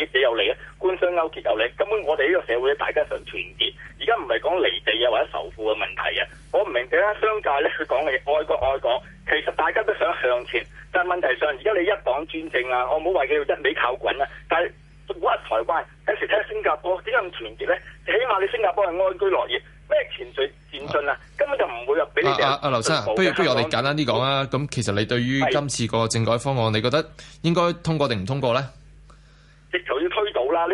益者有利啊？官商勾結有利，根本我哋呢個社會大家想團結。而家唔係講離地啊或者仇富嘅問題啊，我唔明點解商界呢，佢講嘅愛國愛國，其實大家都想向前。但係問題上，而家你一黨專政啊，我唔好話佢要一味靠滾啊。但係如果係台灣，有時睇下新加坡點樣團結呢？起碼你新加坡係安居樂業。咩循序漸進啊，啊根本就唔會入俾你哋啊。啊啊劉劉先生啊，不如不如我哋簡單啲講啊。咁，嗯、其實你對於今次個政改方案，你覺得應該通過定唔通過咧？直頭要推倒啦！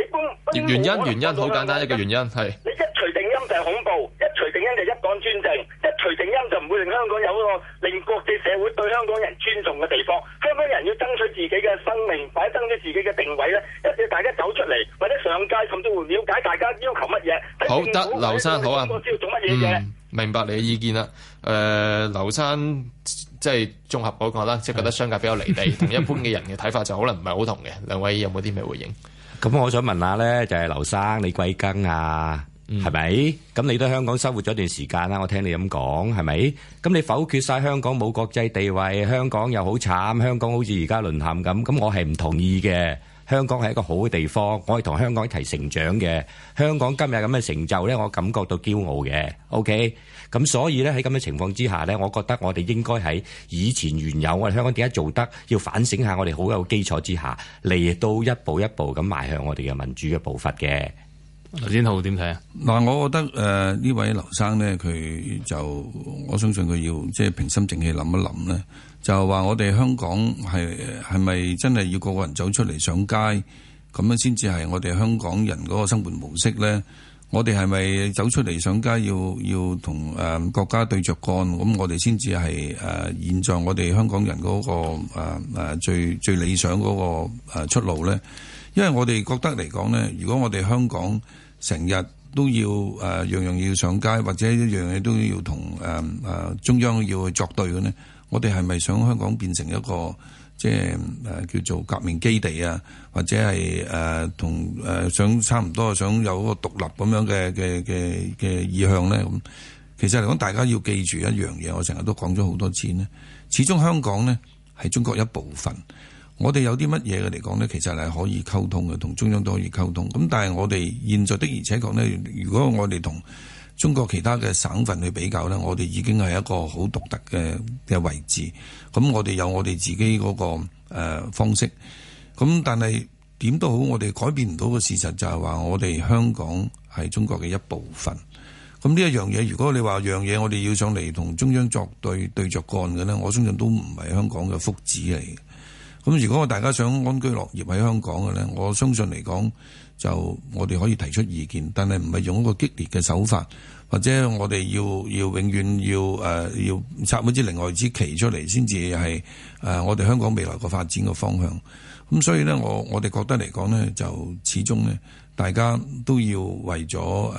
你原因原因好簡單，一個原因係你一錘定音就係恐怖，一錘定音就係一黨專政。雷定音就唔會令香港有個令國際社會對香港人尊重嘅地方。香港人要爭取自己嘅生命，或者爭取自己嘅定位咧，一要大家走出嚟，或者上街，甚至乎瞭解大家要求乜嘢。好得，劉生好啊。嗯，明白你嘅意見啦。誒，劉生即係綜合嗰個啦，即係覺得商界比較離地，同一般嘅人嘅睇法就可能唔係好同嘅。兩位有冇啲咩回應？咁我想問下咧，就係劉生，你貴庚啊？係咪？咁你都香港生活咗一段時間啦，我聽你咁講，係咪？咁你否決晒香港冇國際地位，香港又好慘，香港好似而家淪陷咁。咁我係唔同意嘅。香港係一個好嘅地方，我係同香港一齊成長嘅。香港今日咁嘅成就呢，我感覺到驕傲嘅。OK，咁所以呢，喺咁嘅情況之下呢，我覺得我哋應該喺以前原有我哋香港點解做得要反省下，我哋好有基礎之下嚟到一步一步咁邁向我哋嘅民主嘅步伐嘅。劉展灝點睇啊？嗱，我覺得誒，呢、呃、位劉生呢，佢就我相信佢要即係、就是、平心靜氣諗一諗呢，就話我哋香港係係咪真係要個個人走出嚟上街咁樣，先至係我哋香港人嗰個生活模式呢。我哋係咪走出嚟上街要要同誒國家對着幹？咁我哋先至係誒，現在我哋香港人嗰、那個誒誒、呃、最最理想嗰個誒出路呢。因為我哋覺得嚟講呢，如果我哋香港成日都要誒樣，呃、樣要上街，或者一樣嘢都要同誒，呃、中央要去作對嘅呢，我哋係咪想香港變成一個即係、呃、叫做革命基地啊？或者係誒同誒想差唔多，想，多想有一個獨立咁樣嘅嘅嘅嘅意向呢？咁其實嚟講，大家要記住一樣嘢，我成日都講咗好多次呢，始終香港呢係中國一部分。我哋有啲乜嘢嘅嚟講呢？其實係可以溝通嘅，同中央都可以溝通。咁但係我哋現在的而且確呢，如果我哋同中國其他嘅省份去比較呢，我哋已經係一個好獨特嘅嘅位置。咁我哋有我哋自己嗰個、呃、方式。咁但係點都好，我哋改變唔到嘅事實就係話，我哋香港係中國嘅一部分。咁呢一樣嘢，如果你話樣嘢，我哋要上嚟同中央作對對着幹嘅呢，我相信都唔係香港嘅福祉嚟。咁如果大家想安居樂業喺香港嘅呢，我相信嚟講就我哋可以提出意見，但係唔係用一個激烈嘅手法，或者我哋要要永遠要誒、呃、要插一支另外一支旗出嚟，先至係誒我哋香港未來嘅發展嘅方向。咁、嗯、所以呢，我我哋覺得嚟講呢，就始終呢。大家都要為咗誒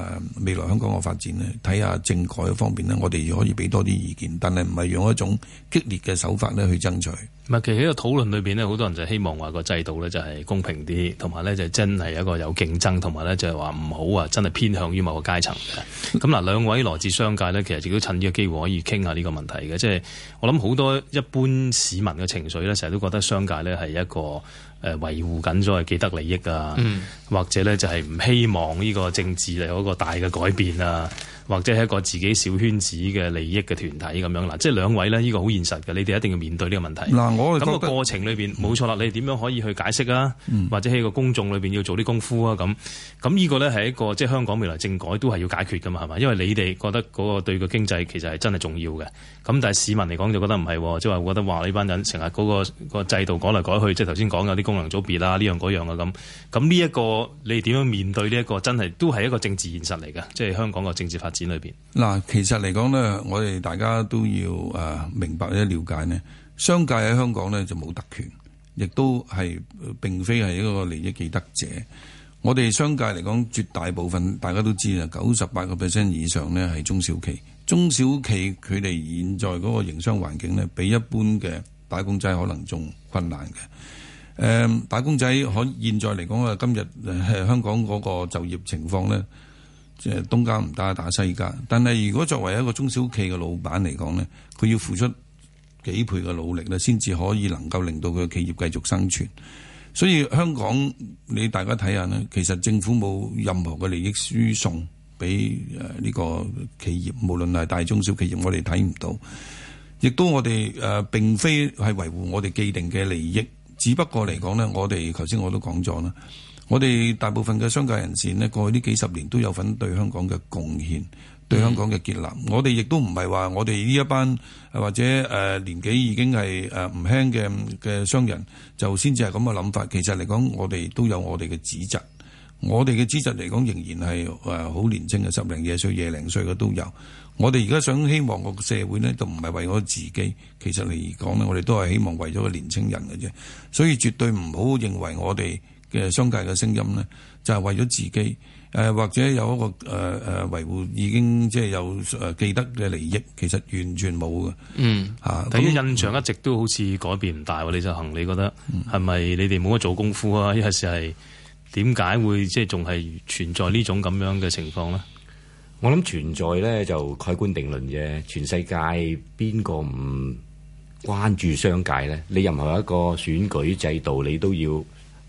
未來香港嘅發展睇下政改嘅方面呢我哋可以俾多啲意見，但係唔係用一種激烈嘅手法咧去爭取。其實喺個討論裏邊呢，好多人就希望話個制度呢就係公平啲，同埋呢就真係一個有競爭，同埋呢就係話唔好啊，真係偏向於某個階層嘅。咁嗱，兩位來自商界呢其實亦都趁呢個機會可以傾下呢個問題嘅。即係我諗好多一般市民嘅情緒呢，成日都覺得商界呢係一個。誒，維護緊所謂既得利益啊，或者咧就係唔希望呢個政治嚟有一個大嘅改變啊。或者係一個自己小圈子嘅利益嘅團體咁樣啦，即係兩位呢，呢、呢個好現實嘅，你哋一定要面對呢個問題。嗱，咁個過程裏邊冇錯啦，你哋點樣可以去解釋啊？嗯、或者喺個公眾裏邊要做啲功夫啊？咁咁呢個呢，係一個即係香港未來政改都係要解決噶嘛，係嘛？因為你哋覺得嗰個對個經濟其實係真係重要嘅，咁但係市民嚟講就覺得唔係、啊，即係話覺得話呢班人成日嗰個制度改嚟改去，即係頭先講有啲功能組別啦、啊，呢樣嗰樣啊咁。咁呢一個你哋點樣面對呢、呢、一個真係都係一個政治現實嚟嘅，即係香港個政治發裏邊嗱，其實嚟講呢，我哋大家都要誒明白、咧、了解，呢商界喺香港呢，就冇特權，亦都係並非係一個利益既得者。我哋商界嚟講，絕大部分大家都知啦，九十八個 percent 以上呢係中小企。中小企佢哋現在嗰個營商環境呢，比一般嘅打工仔可能仲困難嘅。誒，打工仔可現在嚟講啊，今日香港嗰個就業情況呢。即係東家唔打打西家，但係如果作為一個中小企嘅老闆嚟講呢，佢要付出幾倍嘅努力呢，先至可以能夠令到佢企業繼續生存。所以香港，你大家睇下呢，其實政府冇任何嘅利益輸送俾呢個企業，無論係大中小企業，我哋睇唔到。亦都我哋誒、呃、並非係維護我哋既定嘅利益，只不過嚟講呢，我哋頭先我都講咗啦。我哋大部分嘅商界人士呢，過去呢幾十年都有份對香港嘅貢獻，對，對香港嘅建立。我哋亦都唔係話我哋呢一班或者誒、呃、年紀已經係誒唔輕嘅嘅商人，就先至係咁嘅諗法。其實嚟講，我哋都有我哋嘅資質。我哋嘅資質嚟講，仍然係誒好年輕嘅，十零廿歲、廿零歲嘅都有。我哋而家想希望個社會呢，就唔係為我自己。其實嚟講呢、嗯、我哋都係希望為咗個年青人嘅啫。所以絕對唔好認為我哋。嘅商界嘅聲音咧，就係為咗自己，誒或者有一個誒誒、呃、維護已經即係有誒既得嘅利益，其實完全冇嘅。嗯，嚇、啊，但係印象一直都好似改變唔大喎。你就行，你覺得係咪你哋冇乜做功夫啊？一係事係點解會即係仲係存在呢種咁樣嘅情況咧？我諗存在咧就蓋棺定論嘅：全世界邊個唔關注商界咧？你任何一個選舉制度，你都要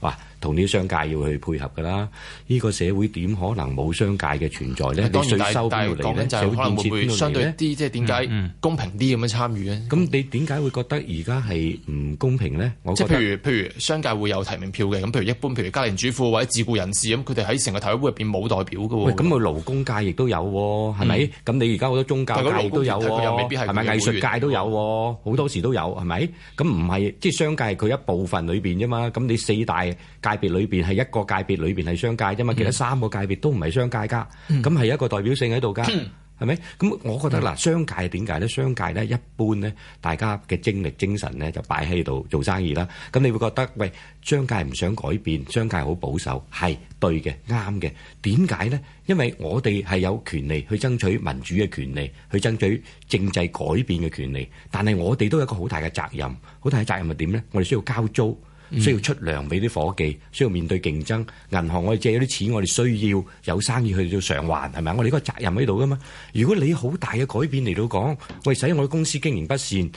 話。哇同啲商界要去配合噶啦，呢個社會點可能冇商界嘅存在呢？稅收邊度嚟咧？社會建設相對一啲即係點解公平啲咁樣參與呢？咁你點解會覺得而家係唔公平呢？即係譬如譬如商界會有提名票嘅，咁譬如一般譬如家庭主婦或者自僱人士咁，佢哋喺成個體育會入邊冇代表噶喎。咁佢勞工界亦都有喎，係咪？咁你而家好多宗教界都有喎，係咪？藝術界都有，好多時都有，係咪？咁唔係即係商界佢一部分裏邊啫嘛。咁你四大。界別裏邊係一個界別裏邊係商界啫嘛，其他三個界別都唔係商界噶，咁係一個代表性喺度噶，係咪？咁我覺得嗱，商界點解咧？商界咧一般咧，大家嘅精力精神咧就擺喺度做生意啦。咁你會覺得喂，商界唔想改變，商界好保守，係對嘅，啱嘅。點解咧？因為我哋係有權利去爭取民主嘅權利，去爭取政制改變嘅權利。但係我哋都有一個好大嘅責任，好大嘅責任係點咧？我哋需要交租。需要出糧俾啲夥計，需要面對競爭。銀行我哋借咗啲錢，我哋需要有生意去到償還，係咪啊？我哋個責任喺度噶嘛。如果你好大嘅改變嚟到講，喂，使我哋公司經營不善，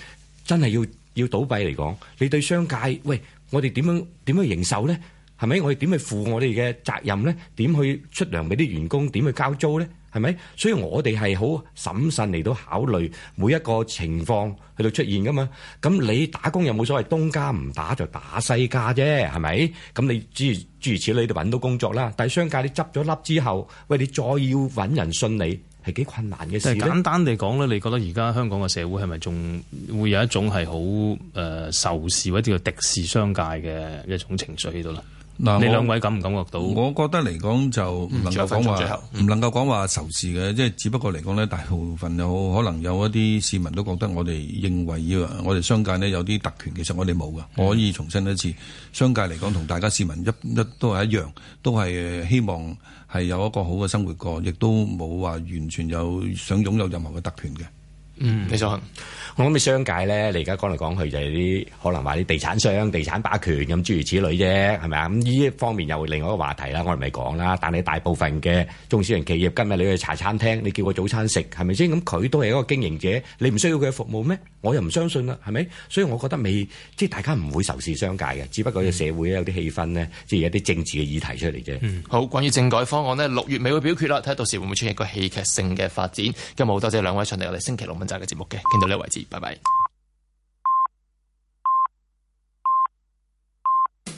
真係要要倒閉嚟講，你對商界，喂，我哋點樣點樣去營收咧？係咪？我哋點去負我哋嘅責任咧？點去出糧俾啲員工？點去交租咧？係咪？所以我哋係好審慎嚟到考慮每一個情況去到出現㗎嘛？咁你打工有冇所謂？東家唔打就打西家啫，係咪？咁你諸諸如此類，你哋揾到工作啦。但係商界你執咗笠之後，喂，你再要揾人信你係幾困難嘅事咧？但是簡單嚟講咧，你覺得而家香港嘅社會係咪仲會有一種係好誒仇視或者叫敵視商界嘅一種情緒喺度啦？嗱，你兩位感唔感覺到？我覺得嚟講就唔能夠講話，唔、嗯、能夠講話仇視嘅，即係、嗯、只不過嚟講呢大部分又好，可能有一啲市民都覺得我哋認為要，我哋商界呢有啲特權，其實我哋冇噶。我可以重申一次，嗯、商界嚟講同大家市民一一,一都係一樣，都係希望係有一個好嘅生活過，亦都冇話完全有想擁有任何嘅特權嘅。嗯，冇錯。我諗啲商界咧，你而家講嚟講去就係啲可能話啲地產商、地產霸權咁諸如此類啫，係咪啊？咁呢一方面又另外一個話題啦，我哋咪講啦。但係大部分嘅中小型企業，今日你去茶餐廳，你叫個早餐食，係咪先？咁佢都係一個經營者，你唔需要佢嘅服務咩？我又唔相信啦，係咪？所以我覺得未即係大家唔會仇視商界嘅，只不過個社會有啲氣氛呢，嗯、即係有啲政治嘅議題出嚟啫。嗯、好，關於政改方案呢，六月尾會表決啦，睇下到時會唔會出現一個戲劇性嘅發展。今日好多謝兩位上嚟，我哋星期六大嘅節目嘅，傾到呢個位置，拜拜。